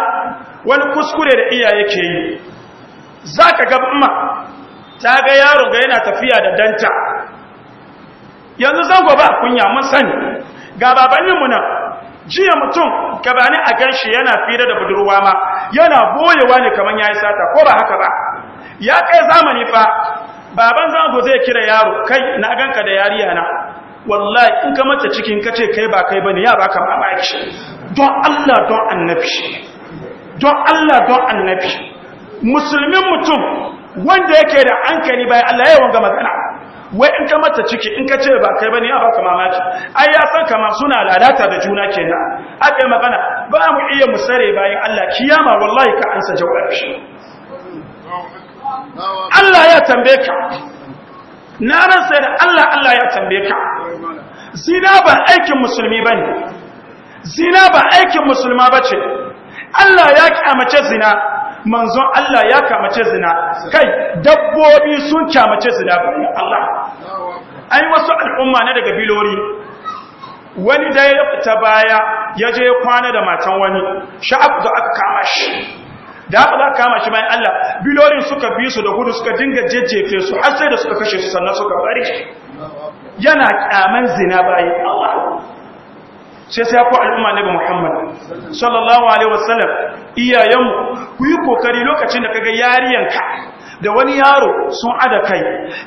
wani kuskure da iyaye ke yi zaka ga amma ta ga yaro ga yana tafiya da danta yanzu gobe a kunya mun sani ga babanninmu nan jiya mutum gabani a ganshi yana fira da budurwa ma yana boyewa ne kaman yi sata ko ba haka ba ya kai zamani fa baban zango zai kira yaro kai na ganka da yariya na wallahi in ka mace cikin ka ce kai ba kai bane ya baka mamaki don Allah don annabi don Allah don annabi musulmin mutum wanda yake da hankali bai Allah ya wanga magana wai in ka mata ciki in ka ce ba kai bane ya baka mamaki ai ya san kama suna lalata da juna kenan aka yi magana ba mu iya mu sare bayan Allah kiyama wallahi ka ansa jawab shi Allah ya tambaye ka na ran sai da Allah Allah ya tambaye ka zina ba aikin musulmi ne. zina ba aikin musulma bace Allah ya kyamace zina manzon Allah ya kamace zina kai dabbobi sun kamace zina Allah ai wasu al'umma na daga bilori wani da ya ta baya ya je kwana da matan wani sha'ab da aka kama shi da aka za kama shi bayan Allah bilorin suka bi su da gudu suka dinga jejjefe su har sai da suka kashe su sannan suka bari yana kyaman zina bayan Allah sai sai ku al'umma nabi Muhammad sallallahu alaihi wasallam iyayenmu ku yi kokari lokacin da kaga yariyanka da wani yaro sun ada kai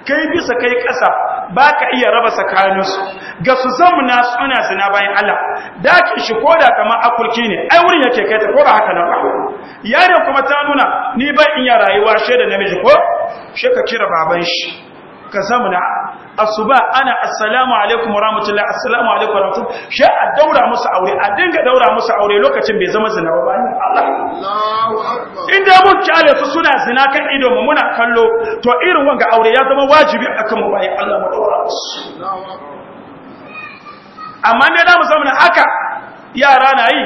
kai bisa kai kasa baka iya raba tsakaninsu ga su zamna suna suna bayan Allah dakin shi koda kamar akulki ne ai wurin yake kai ta ko ba haka nan ba yaron kuma ta nuna ni ba in ya rayuwa she da namiji ko she ka kira baban shi ka zamna asuba ana assalamu alaikum wa rahmatullahi assalamu alaikum wa rahmatullahi shi a daura musu aure a dinga daura musu aure lokacin bai zama zina ba ne Allah inda mun kyale su suna zina kan ido mu muna kallo to irin wanga aure ya zama wajibi akan mu bai Allah mu daura musu amma ne da mu samu haka yara na yi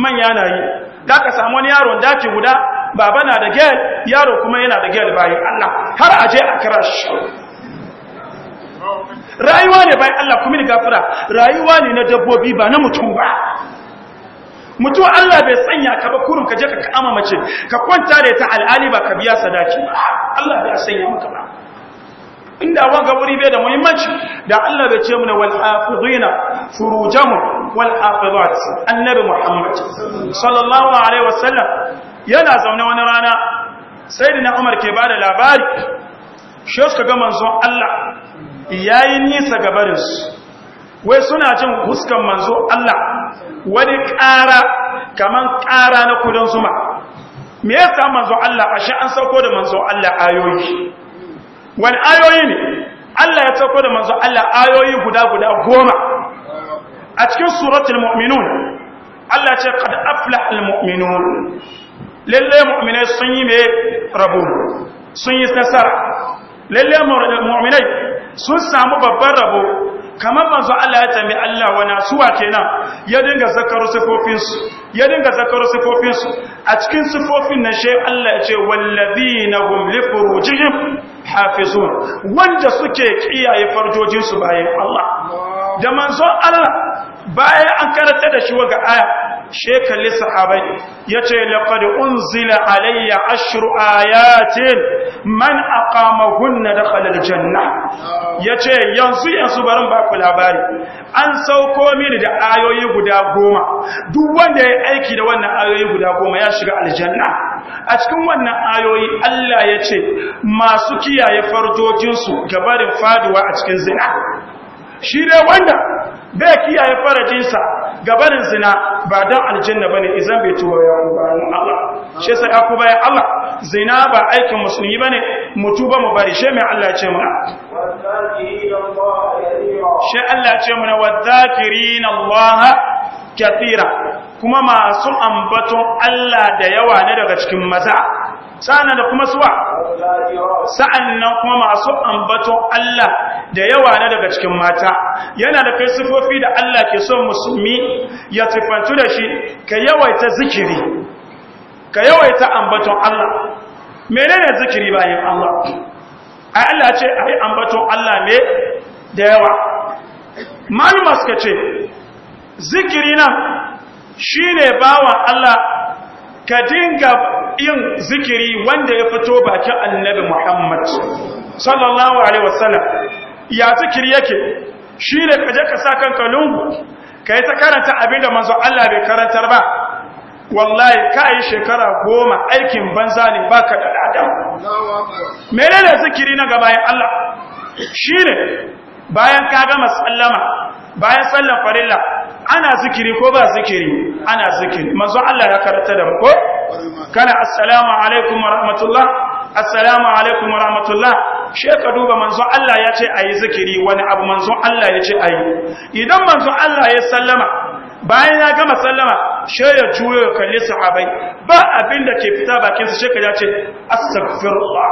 manya na yi da ka samu wani yaron daki guda baba na da gel yaro kuma yana da gel bayan Allah har aje a kira rayuwa ne bayan Allah kuma ni gafura? rayuwa ne na dabbobi ba na mutum ba mutum Allah bai sanya ka ba kurun ka je ka kama mace ka kwanta da ta al'ali ba ka biya sadaki ba Allah bai sanya maka ba inda ga wuri bai da muhimmanci da Allah bai ce mu na wal hafizina furujahum wal hafizat annabi Muhammad sallallahu alaihi wasallam yana zaune wani rana sayyidina Umar ke bada labari shi suka ga manzon Allah iyayin nisa ga su wai suna cin huskan manzo Allah wani ƙara kamar ƙara na kudin zuma me yasa manzo Allah ashe an sauko da manzo Allah ayoyi wani ayoyi ne Allah ya sauko da manzo Allah ayoyi guda guda goma a cikin suratul mu'minun Allah ce qad aflaha al mu'minun lalle mu'minai sun yi me rabu sun yi nasara lalle mu'minai sun samu babbar rabo kamar manzo Allah ya tambayi Allah wa nasuwa kenan ya dinga zakaru sifofin su ya dinga zakaru sifofin su a cikin sifofin na shay Allah ya ce walladina hum li furujihim hafizun wanda suke kiyaye farjojin su bayan Allah da manzon Allah bayan an karanta da shi waga aya shekalli sahabai ya laqad unzila alayya ashru ayatin man hunna dakhala aljanna ya yanzu yanzu barin ba ku labari an sauko mini da ayoyi guda goma duk wanda ya aiki da wannan ayoyi guda goma ya shiga aljanna a cikin wannan ayoyi Allah yace masu kiyaye farjojinsu gabarin faduwa a cikin zina shi dai wanda bai kiyaye farajinsa gabanin zina ba don aljanna ba ne, idan bai tuba ya bayan Allah shi yasa aku bayan Allah zina ba aikin musulmi ba ne, mutu ba mu bari shi mai Allah ya ce mana shi Allah ya ce mana wadhakirin waha kathira kuma masu ambaton Allah da yawa ne daga cikin maza sa'an da kuma suwa sa'an nan kuma masu ambaton Allah da yawa ne daga cikin mata yana da kai siffofi da Allah ke son musulmi ya tufantu da shi ka yawaita zikiri ka yawaita ambaton Allah menene zikiri bayan Allah ai Allah ce ai ambaton Allah ne da yawa malama suka ce zikiri nan shine bawan Allah ka dinga yin zikiri wanda ya fito bakin annabi Muhammad sallallahu alaihi wasallam ya zikiri yake shi ne ka je ka sa kanka lungu ka yi ta karanta abin da manzo Allah bai karantar ba wallahi ka yi shekara goma aikin banza ne ba ka da adam mene ne zikiri na ga bayan Allah shi ne bayan ka gama sallama bayan sallan farilla ana zikiri ko ba zikiri ana zikiri manzo Allah ya karanta da mu ko kana assalamu alaikum wa rahmatullah assalamu alaikum wa rahmatullah she ka duba manzo Allah ya ce ayi zikiri wani abu manzo Allah ya ce ayi idan manzo Allah ya sallama bayan ya gama sallama she ya juyo ya kalli sahabbai ba abin da ke fita bakin su she ka ce astaghfirullah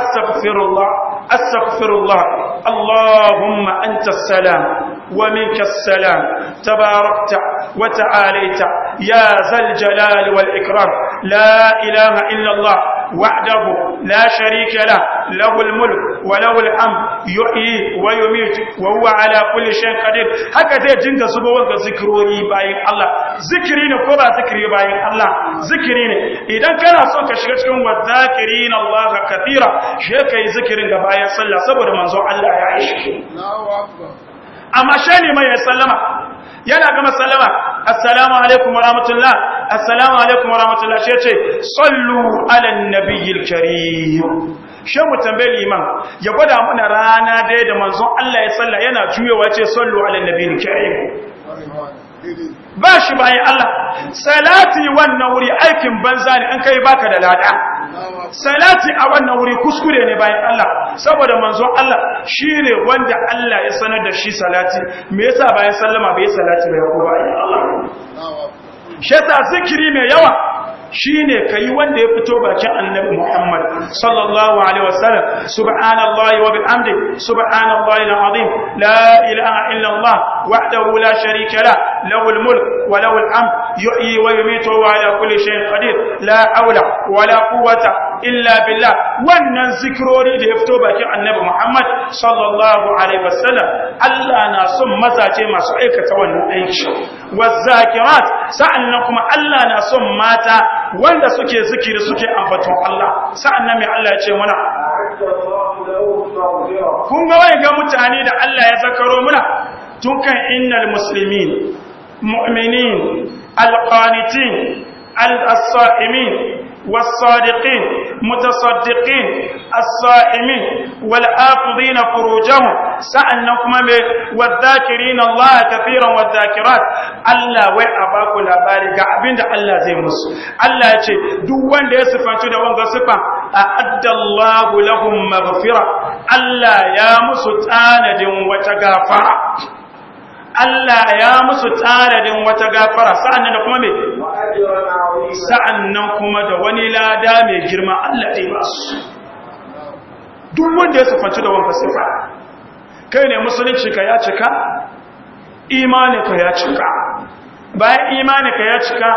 astaghfirullah astaghfirullah allahumma anta salam ومنك السلام تباركت وتعاليت يا ذا الجلال والإكرام لا إله إلا الله وحده لا شريك له له الملك وله الحمد يحيي ويميت وهو على كل شيء قدير هكذا جنك سبوان ذكروني باين الله ذكرين كبا ذكري باين الله ذكرين إذا كان صنك شكتكم والذاكرين الله كثيرا شكي ذكرين باين صلى صبر منزو الله يعيشك الله أكبر amma shi ne mai sallama yana gama sallama assalamu alaikum wa rahmatullah assalamu alaikum wa rahmatullah shi ce sallu ala nabiyil karim shi mu tambaye liman ya gwada muna rana dai da manzon Allah ya salla yana juyewa ce sallu ala nabiyil karim ba shi bayan Allah salati wannan wuri aikin banza ne an kai baka da lada salati a wannan wuri kuskure ne bayan Allah saboda manzo Allah shine wanda Allah ya sanar da shi salati me yasa bayan sallama bai salati ba ko ba Allah ta zikiri mai yawa Shi ka yi wanda ya fito bakin annabi Muhammad sallallahu alaihi wasallam subhanallahi wa bihamdi subhanallahi alazim la ilaha illallah Allah wahdahu la sharika la lahu almulk wa lahu alhamd yuhyi wa yumiitu wa ala kulli shay'in qadir la hawla wa la quwwata illa billah wannan zikirori da ya fito bakin annabi Muhammad sallallahu alaihi wasallam Allah na son mazaje masu aikata wannan aiki wazakirat sa'annan kuma Allah na son mata wanda suke zikiri suke ambaton Allah sa'an sa'annan mai Allah ya ce muna kun ga wai ga mutane da Allah ya zakaro muna tun kan innal musulmi mu'minin alƙanitin alasaimin والصادقين متصدقين الصائمين والآفضين فروجهم سأنكم به والذاكرين الله كثيرا والذاكرات الله وأباك الأباري قابين دا الله زي مسو الله يتي دوان دي سفان تو دوان غصفا أعد الله لهم مغفرة الله يا مسو تانا دي وتغافرة Allah ya musu tsaradin wata gafara sa'annan da kuma me sa'annan kuma da wani lada mai girma Allah ya masu duk wanda ya sufanci da wanda sifa kai ne musulunci ka ya cika imani ka ya cika bayan imani ka ya cika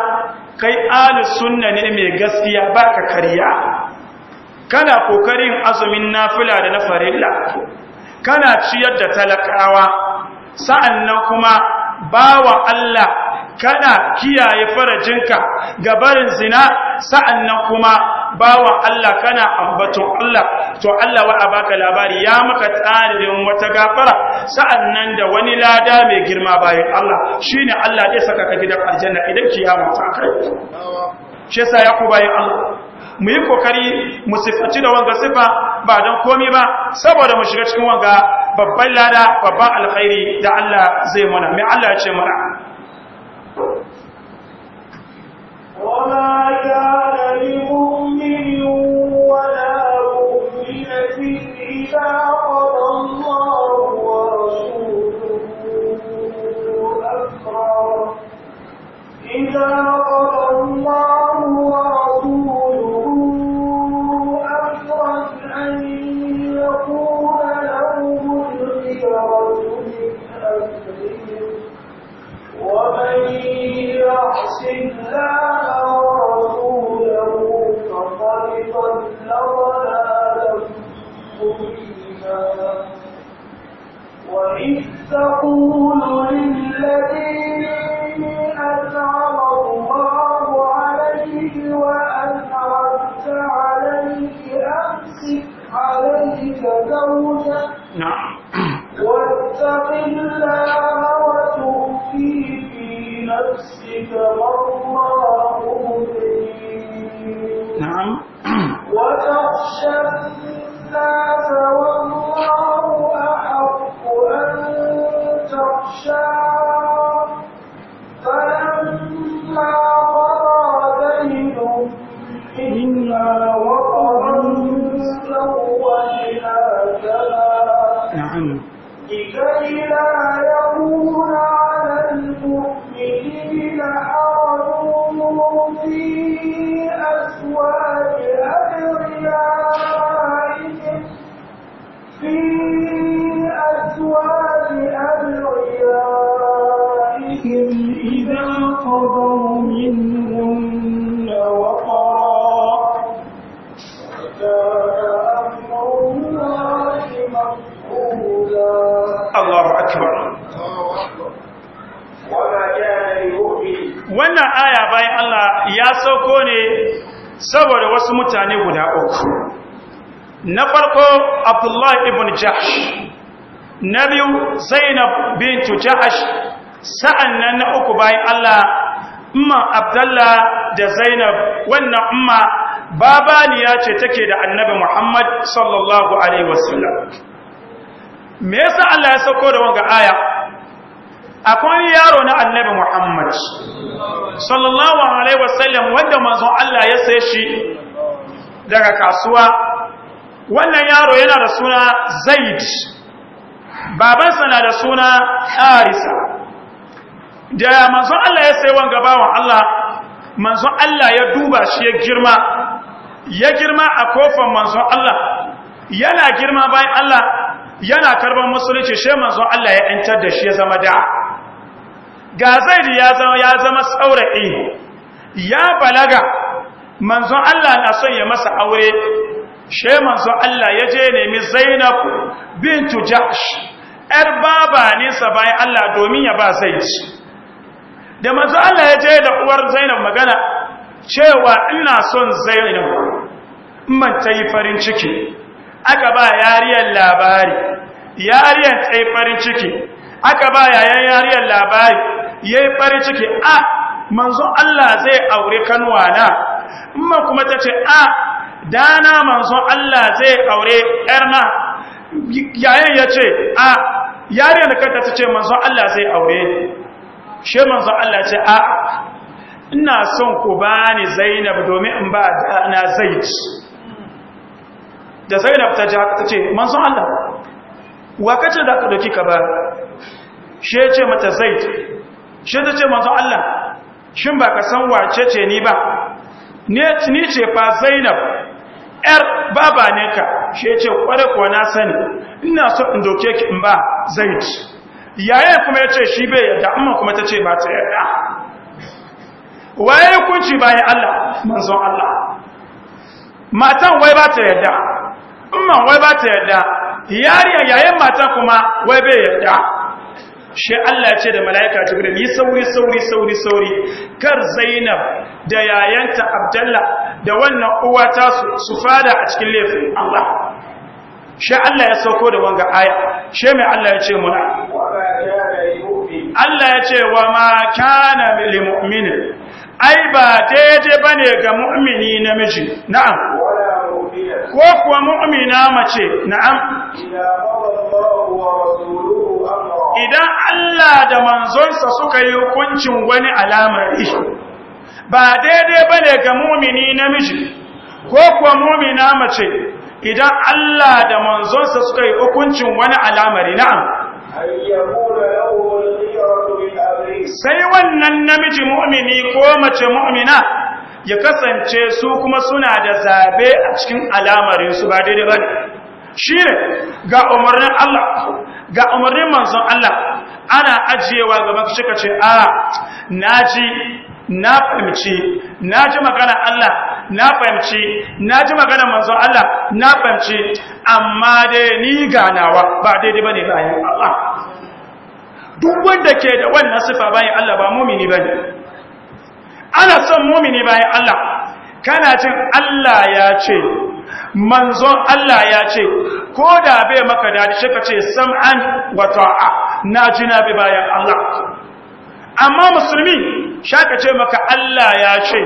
kai alis sunna ne mai gaskiya ba ka kariya kana kokarin azumin nafila da na farilla kana ciyar da talakawa Sa'an nan kuma bawa Allah kana kiyaye farajinka ga barin zina Sa'an nan kuma bawa Allah kana ambaton Allah to Allah wa baka labari ya maka tsarin wata gafara Sa'an nan da wani lada mai girma bayan Allah Shi ne Allah zai saka ka gidan aljanna idan kiyama ta kai shi yasa bayan Allah mu yi kokari mu sifaci da wanga sifa ba don komi ba saboda mu shiga cikin wanga babban lada babban alkhairi da Allah zai mana mai Allah ya ce mana wannan aya bayan Allah ya sauko ne saboda wasu mutane guda uku na farko Abdullah ibn Jahsh na biyu Zainab bintu sa'an nan na uku bayan Allah umma Abdullah da Zainab wannan umma ya ce take da Annabi Muhammad sallallahu alaihi wasallam me yasa Allah ya sauko da wanga aya akwai yaro na annabi Muhammad sallallahu alaihi wasallam wanda manzon Allah ya sai shi daga kasuwa wannan yaro yana da suna Zaid babansa na da suna Harisa da manzo Allah ya sai wanga bawan Allah manzo Allah ya duba shi ya girma ya girma a kofar manzo Allah yana girma bayan Allah yana karban musulunci shi manzon Allah ya yantar da shi ya zama da ga zaidi ya zama ya zama saurayi ya balaga manzon Allah na son ya masa aure shi manzon Allah ya je nemi Zainab bintu Jahsh ‘yar sa bayan Allah domin ya ba zai Da manzon Allah ya je da uwar Zainab magana cewa ina son Zainab, mun ta yi farin ciki, aka ba yariyar labari yariyar tsaye farin ciki aka ba yayan yariyar labari yayi farin ciki a manzon Allah zai aure na amma kuma tace a dana manzon Allah zai aure yarna yayan ce a yariyar da kanta tace manzon Allah zai aure she manzon Allah ce a ina son ku bani Zainab domin in ba dana zaiti. da zainab ta ji haka ta ce manzon Allah wa kace da ka doki ka ba shi ya ce mata zaid she ta ce manzon Allah shin ba ka san wace ce ni ba ni ce fa zainab yar baba ne ka shi ya ce kware ko na sani ina so in doke ki in ba zaid yayin kuma ya ce shi bai yadda amma kuma ta ce ba ta yadda waye kunci bayan Allah manzon Allah matan wai ba ta yadda umma wai ba ta yadda yari yayin mata kuma wai bai yarda shi Allah ce da mala'ika ta jibril ni sauri sauri sauri sauri kar zainab da yayanta abdallah da wannan uwa ta su fada a cikin laifin Allah shi Allah ya sauko da wanga aya shi mai Allah ya ce muna Allah ya ce wa ma kana lil mu'minin ai ba daidai bane ga mu'mini namiji na'am ko kuwa mu'mina mace na'am idan Allah da manzonsa suka yi hukuncin wani al'amari ba daidai bane ga mu'mini namiji ko kuwa mu'mina mace idan Allah da manzonsa suka yi hukuncin wani al'amari na'am sai wannan namiji mu'mini ko mace mu'mina ya kasance su kuma suna da zabe a cikin alamarinsu ba daidai ba shi ne ga umarnin Allah ga umarnin manzon Allah ana ajiyewa ga makashi kace ce a naji na fahimci na ji magana Allah na fahimci na ji magana manzo Allah na fahimci amma dai ni ganawa ba daidai bane bayan Allah duk wanda ke da wannan sifa bayan Allah ba mumini bane ana son mumini bayan Allah kana jin Allah ya ce manzon Allah ya ce ko da bai maka dadi shi ka ce sam'an wa ta'a na ji na bayan Allah amma musulmi shaka ce maka Allah ya ce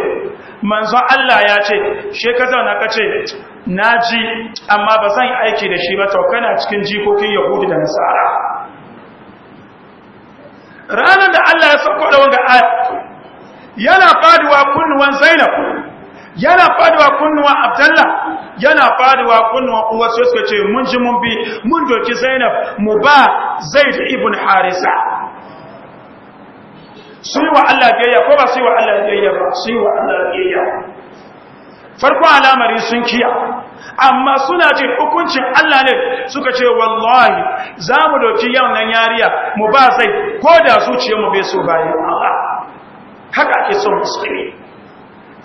manzon Allah ya ce she ka zauna ka ce naji amma ba zan aiki da shi ba to kana cikin jikokin yahudi da nasara ranar da Allah ya sauko da wanga yana faduwa kunnuwan Zainab yana faduwa kunnuwan Abdullah yana faduwa kunnuwan uwarsu suka ce mun ji mun bi mun doki Zainab mu ba Zaid ibn Harisa Sun yi wa Allah biyayya ko ba su yi wa Allah biyayya ba su yi wa Allah biyayya farko alamari sun kiya amma suna jin hukuncin Allah ne suka ce wallahi za mu doki yau nan yariya mu ba sai ko da ce mu bai so bayan Allah haka ake son musulmi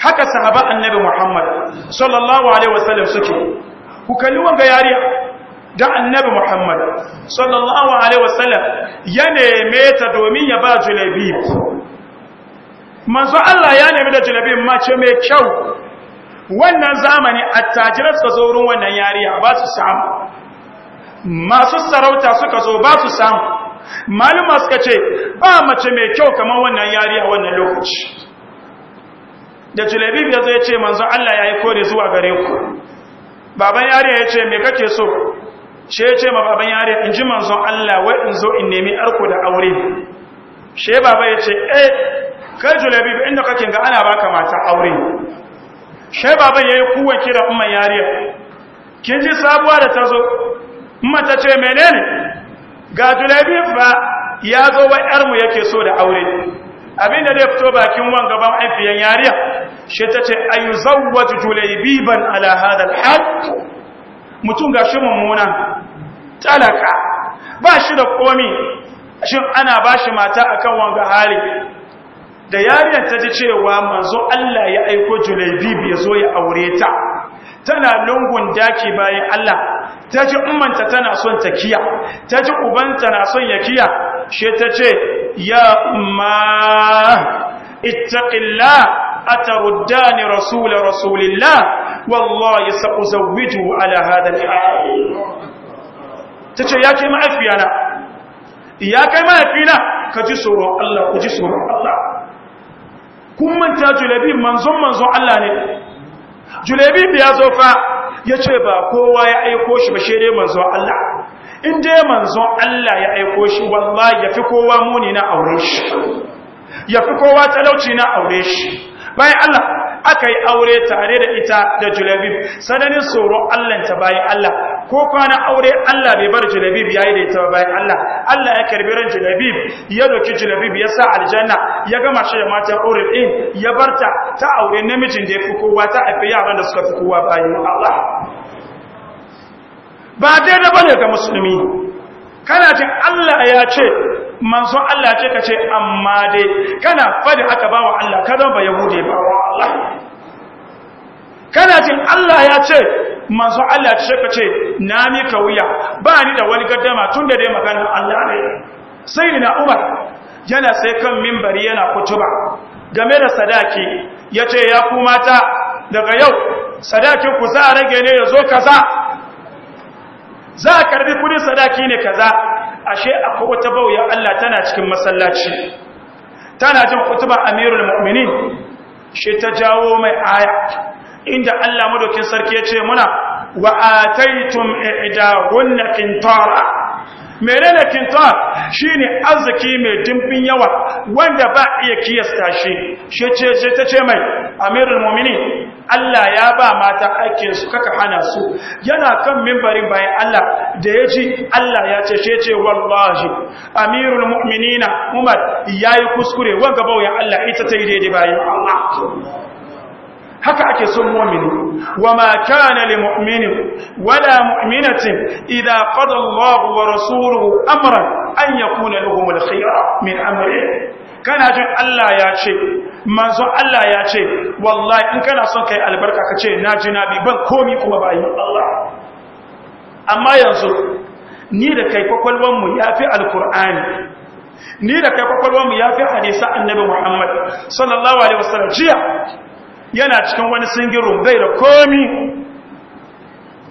haka sahaba annabi Muhammad sallallahu alaihi wasallam suke ku kalli wanga yariya da annabi Muhammad sallallahu alaihi wasallam ya neme ta domin ya ba julabib manzo Allah ya nemi da julabib mace mai kyau wannan zamani attajira suka zo wurin wannan yariya ba su samu masu sarauta suka zo ba su samu maluma suka ce ba mace mai kyau kamar wannan yariya wannan lokaci da julabib ya zo ya ce manzo Allah ya yi kore zuwa gare ku baban yariya ya ce me kake so she ce ma baban yare in ji manzon Allah wai in zo in nemi arko da aure she baba ya ce eh kai julabi inda kake ga ana baka mata aure she baban yayi kuwa kira umma yare kin ji sabuwa da tazo umma ta ce menene ga julabi ba ya zo wai yar mu yake so da aure abinda da fito bakin wan gaban aifiyan yariya she ta ce ayu zawwaju julaybiban ala hadha al mutum ga shi mummuna talaka ba shi da komi shin ana ba shi mata a kan wanga hali da yariyar ta ji cewa manzo Allah ya aiko Julaibib ya zo ya aure ta tana lungun daki bayan Allah ta ji ummanta tana son ta kiya ta ji ubanta na son ya kiya she ta ce ya umma ittaqillah rasulillah أتردان رسول رسول الله والله سأزوجه على هذا الحال Ya kai كيما ka ji كيما Allah ku ji كجسر Allah. kun manta julebib manzon manzon Allah ne julebib ya zo fa ya ce ba kowa ya aiko shi ba shi dai manzon Allah in dai manzon Allah ya aiko shi wallahi ya fi kowa muni na aure shi ya fi kowa talauci na aure shi bayan Allah aka yi aure tare da ita da julabib sananin tsoro ta bayan Allah ko kwana aure Allah bai bar julabib yi da ita bayan Allah Allah ya karbi ran julabib ya doki julabib ya sa aljanna ya gama shi da matan aure din ya barta ta aure namijin da ya fi kowa ta aifi yaran da suka fi kowa bayan Allah ba dai-dai da bane ga musulmi kana jin Allah ya ce manzo Allah ce kace amma dai kana fadi aka bawa Allah ka ba yahude bawa Allah kana jin Allah ya ce manzo Allah ce kace na mi kauya ba ni da wani gaddama tunda dai maganar Allah ne sai na Umar yana sai kan minbari yana kutuba game da sadaki yace ya ku mata daga yau sadakin ku za a rage ne yazo kaza za a karbi kudin sadaki ne kaza ashe akwai wata bauya Allah tana cikin masallaci tana jin kutuba amirul mu'minin shi ta jawo mai aya inda Allah madaukin sarki ya ce muna wa ataitum ihdahunna qintara menene kintar shine arziki mai dimbin yawa wanda ba iya kiyasta shi shi ce ce ta ce mai amirul mu'minin Allah ya ba mata aikin su kaka hana su yana kan mimbarin bayan Allah da ya ji Allah ya ce shi ce wallahi amirul mu'minina Umar yayi kuskure wanga bauyan Allah ita ta yi daidai bayan Allah haka ake son mu'mini wama kana lil mu'mini wala mu'minatin idza qada Allahu wa rasuluhu amran an yakuna lahum al khiyara min amri kana jin Allah ya ce manzo Allah ya ce wallahi in kana son kai albarka ka ce na ji na ban komi kuma bayin Allah amma yanzu ni da kai kwakwalwan mu yafi alqur'ani ni da kai kwakwalwan mu yafi hadisi annabi Muhammad sallallahu alaihi wasallam jiya yana cikin wani singirin zai da komi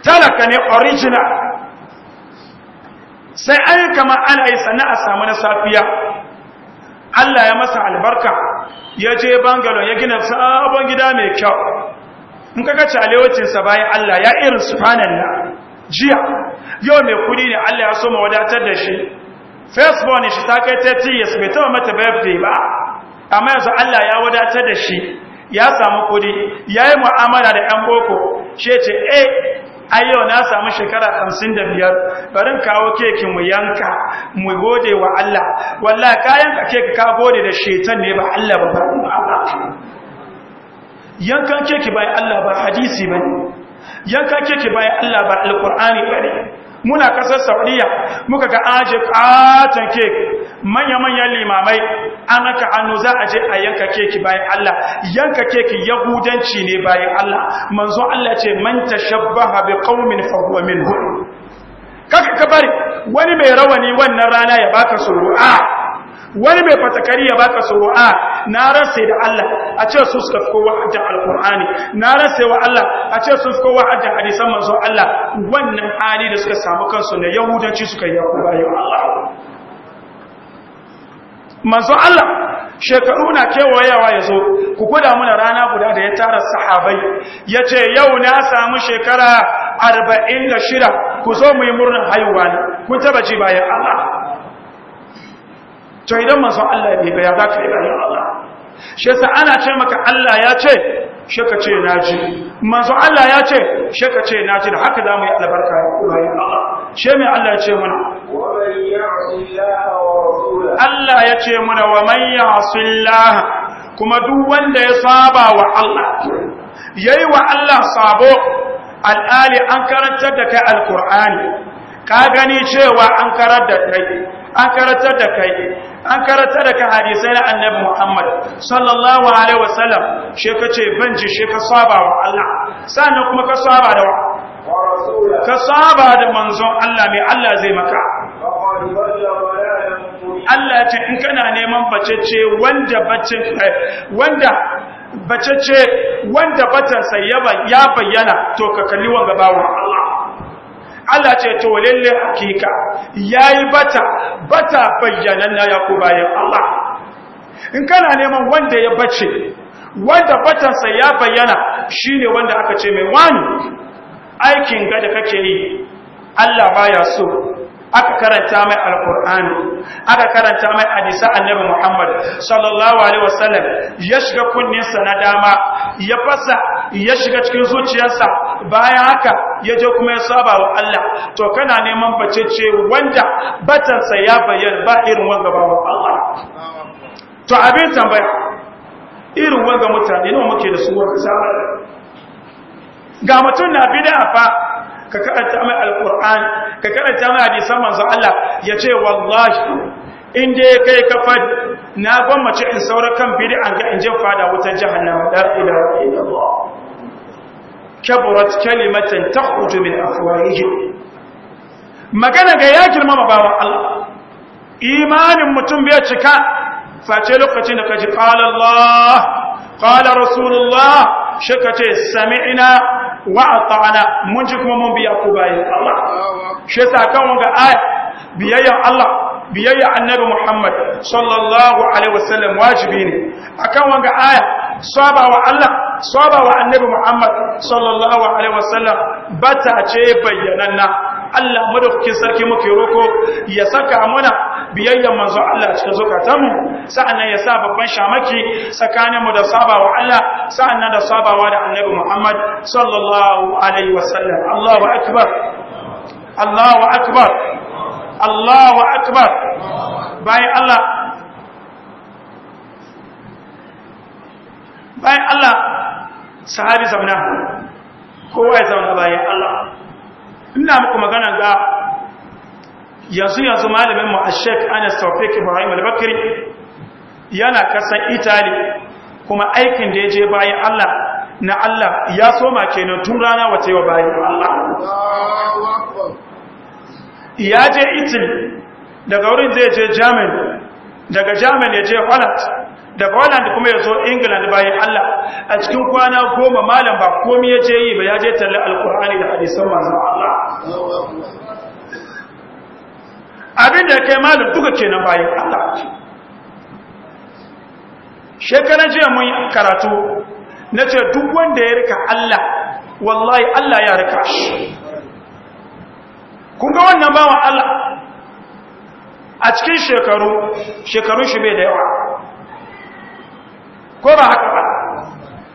talaka ne original sai an kama an ai a samu na safiya Allah ya masa albarka ya je bangalo ya gina sabon gida mai kyau in kaga calewacinsa bayan Allah ya irin subhanallah jiya yau mai kudi ne Allah ya so ma wadatar da shi firstborn shi ta kai 30 years bai taba mata birthday ba amma yanzu Allah ya wadatar da shi ya samu kudi ya yi mu'amala da yan boko shi ce e eh, ayyau na samu shekara 55 barin kawo kekin mu yanka mu gode wa Allah wallahi kayan ka ke ka gode da shetan ne ba Allah ba ba? yankan keki bai Allah ba hadisi bane yankan keki bai Allah ba alqur'ani bane muna kasar saudiya muka ga aje katon kek manya-manyan limamai an aka hannu za a je a yanka keki bayan Allah yanka keki yahudanci ne bayan Allah manzo Allah ce man tashabbaha bi qaumin fa huwa minhum kaka ka wani mai rawani wannan rana ya baka suru'a wani mai fatakari ya baka tsoro a na rasa da Allah a ce su suka fi kowa hajjar alkur'ani na rasa wa Allah a ce su fi kowa hajjar hadisan manzo Allah wannan hali da suka samu kansu na yahudanci suka yi yaku bayan Allah manzo Allah shekaru na kewayawa ya zo ku kuda muna rana guda da ya tara sahabai ya ce yau na samu shekara arba'in da shida ku zo mu yi murnar haihuwa ne kun taba ji bayan Allah to idan manzon Allah bai ga ya za ka yi bayan Allah shi yasa ana ce maka Allah ya ce shi ka ce na ji manzon Allah ya ce shi ka ce na ji da haka za mu yi albarka bayan Allah shi mai Allah ya ce mana Allah ya ce mana wa man ya'sillah kuma duk wanda ya saba wa Allah yayi wa Allah sabo al'ali an karantar da kai alqur'ani ka gani cewa an karar da kai an karatar da kai an karatar da ka hadisai na annabi Muhammad sallallahu alaihi wasallam she ka ce ban ji she ka saba wa Allah sannan kuma ka saba da ka saba da manzon Allah mai Allah zai maka Allah ce in kana neman bacece wanda bacin eh, wanda bacece wanda batansa ya bayyana to ka kalli wanga bawon Allah Allah ce to lalle hakika yayi bata bata bayyananna ya yakuba bayan Allah in kana neman wanda ya bace wanda batansa ya bayyana shine wanda aka ce mai wani aikin ga da kake yi Allah baya so aka karanta mai alkur'ani aka karanta mai hadisa annabi muhammad sallallahu alaihi wasallam ya shiga kunninsa na dama ya fasa ya shiga cikin zuciyarsa bayan haka ya je kuma ya saba wa Allah to kana neman bacece wanda batansa ya bayyana ba irin wanga ba Allah to abin tambaya irin wanga mutane ne muke da su wanda ga mutum na bid'a fa ka karanta mai alkur'an ka karanta mai hadisan manzon Allah ya ce wallahi in dai kai ka fad na gwammace in saura kan bid'a ga in je fada wutar jahannama la ilaha illallah kaburat kalimatan takhruju min afwahihim magana ga ya girmama bawan Allah imanin mutum bai cika face lokacin da kaji qala Allah qala rasulullah shi ce sami'ina wa ata'ana mun ji kuma mun biya ku bayan Allah shi sa kan wanga aya biyayyan Allah biyayya annabi Muhammad sallallahu alaihi wasallam wajibi ne akan wanga aya saba wa Allah saba wa annabi Muhammad sallallahu alaihi wasallam bata ce bayyananna Allah madaukakin sarki muke roko ya saka mana biyayya manzo Allah cikin zukatanmu sa'annan ya sa babban shamaki tsakaninmu da saba wa Allah sa'annan da sabawa da annabi Muhammad sallallahu alaihi wasallam Allahu akbar Allahu akbar Allahu akbar bayan Allah bayan Allah sahabi zauna, kowa ya zauna bayan Allah ina muku magana ga yanzu yanzu malamin mu a sheik anas taufik ibrahim al-bakri yana kasan italy kuma aikin da ya je bayan Allah na Allah ya soma kenan tun rana wace wa bayan Allah ya je italy daga wurin zai je germany daga germany ya je holland daga holland kuma ya zo england bayan allah a cikin kwana goma malam ba komi ya je yi ba ya je talle alkur'ani da hadisan manzan allah abin da ya kai malam duka kenan bayan allah shekaran jiya mun karatu na ce duk wanda ya rika allah wallahi allah ya rika shi kun ga wannan bawan Allah a cikin shekaru shekarun shi bai da yawa ko ba haka ba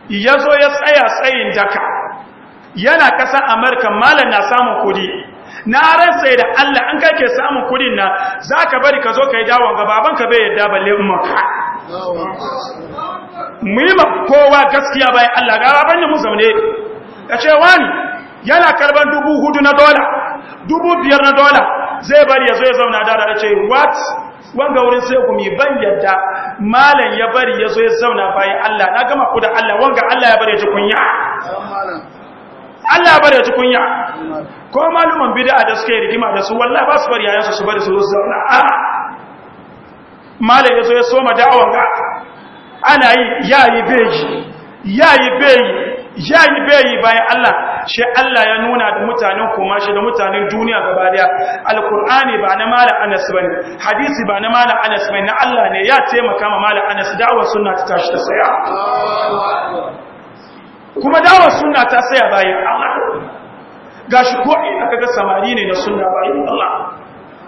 ya zo ya tsaya tsayin daka yana kasa amurka malam na samun kudi na ransa da allah an kake samun kudin na za ka bari ka zo ka yi dawon gababan ka bai yadda balle umarka mu kowa gaskiya bayan allah gababan da musamman zaune ya ce wani yana karban dubu hudu na dola dubu biyar na dola zai bari ya zo ya zauna da da ce what wanga wurin sai ku mi ban yadda malam ya bari ya zo ya zauna bayan Allah na gama ku da Allah wanga Allah ya bari ya ji kunya Allah ya bari ya ji kunya ko malumin bid'a da suke rigima da su wallahi ba su bari yayansu su bari su zo zauna a malam ya zo ya soma da'awan ga ana yi yayi beji yayi beji yayi beji bayan Allah shi Allah ya nuna da mutanen kuma shi da mutanen duniya gaba daya alqur'ani ba na mala anas bane hadisi ba na mala anas bane na Allah ne ya taimaka ma mala anas da'awa sunna ta tashi ta saya kuma da'awa sunna ta saya bai Allah gashi ko in aka ga samari ne na sunna bai Allah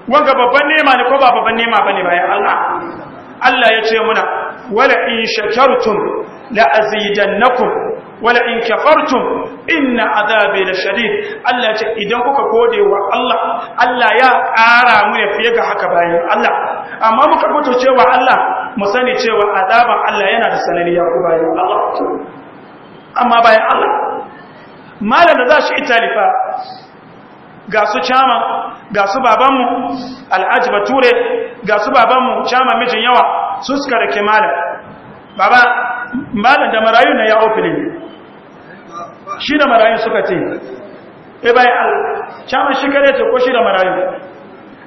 wanga babban nema ne ko ba babban nema bane bai Allah Allah ya ce muna wala in shakartum la'azidannakum wala in kafartum inna azabi lashadid Allah ce idan kuka gode wa Allah Allah ya ƙara mu ne fiye ga haka bayan Allah amma muka fito cewa Allah mu sani cewa azaban Allah yana da ya ku bayan Allah amma bayan Allah malam da za shi italifa ga su chama ga su babanmu al'aji bature ga su babanmu chama mijin yawa su suka rake malam baba malam da marayu na ya ofile shi da marayu suka ce e bai al chama shi kare ce ko shi da marayu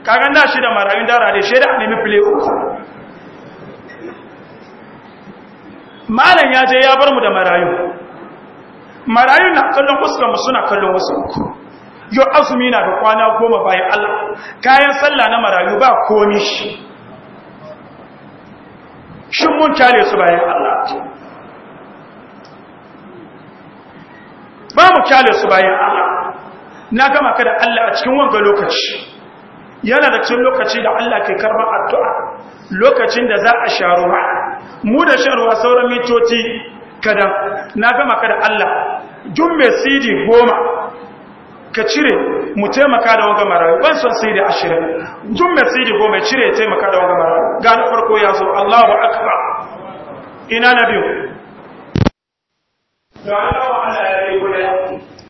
kaga na shi da marayu da rade shi da nemi play off malam ya je ya bar mu da marayu marayu na kallon fuskar mu suna kallon wasu yo azumi na da kwana goma bai Allah kayan sallah na marayu ba komi shi shin mun kyale su bayan Allah ba mu kyale su bayan Allah na gama ka da Allah a cikin wanga lokaci yana da cikin lokaci da Allah ke karɓar addu'a lokacin da za a sharuwa mu da sharuwa sauran mitoci kada na gama ka da Allah jun sidi goma ka cire mu taimaka da wanga marayu ban son sai da ashirin tun mai sai da goma cire taimaka da wanga marayu gani farko ya zo allahu akbar ina na biyu da alawa ala ya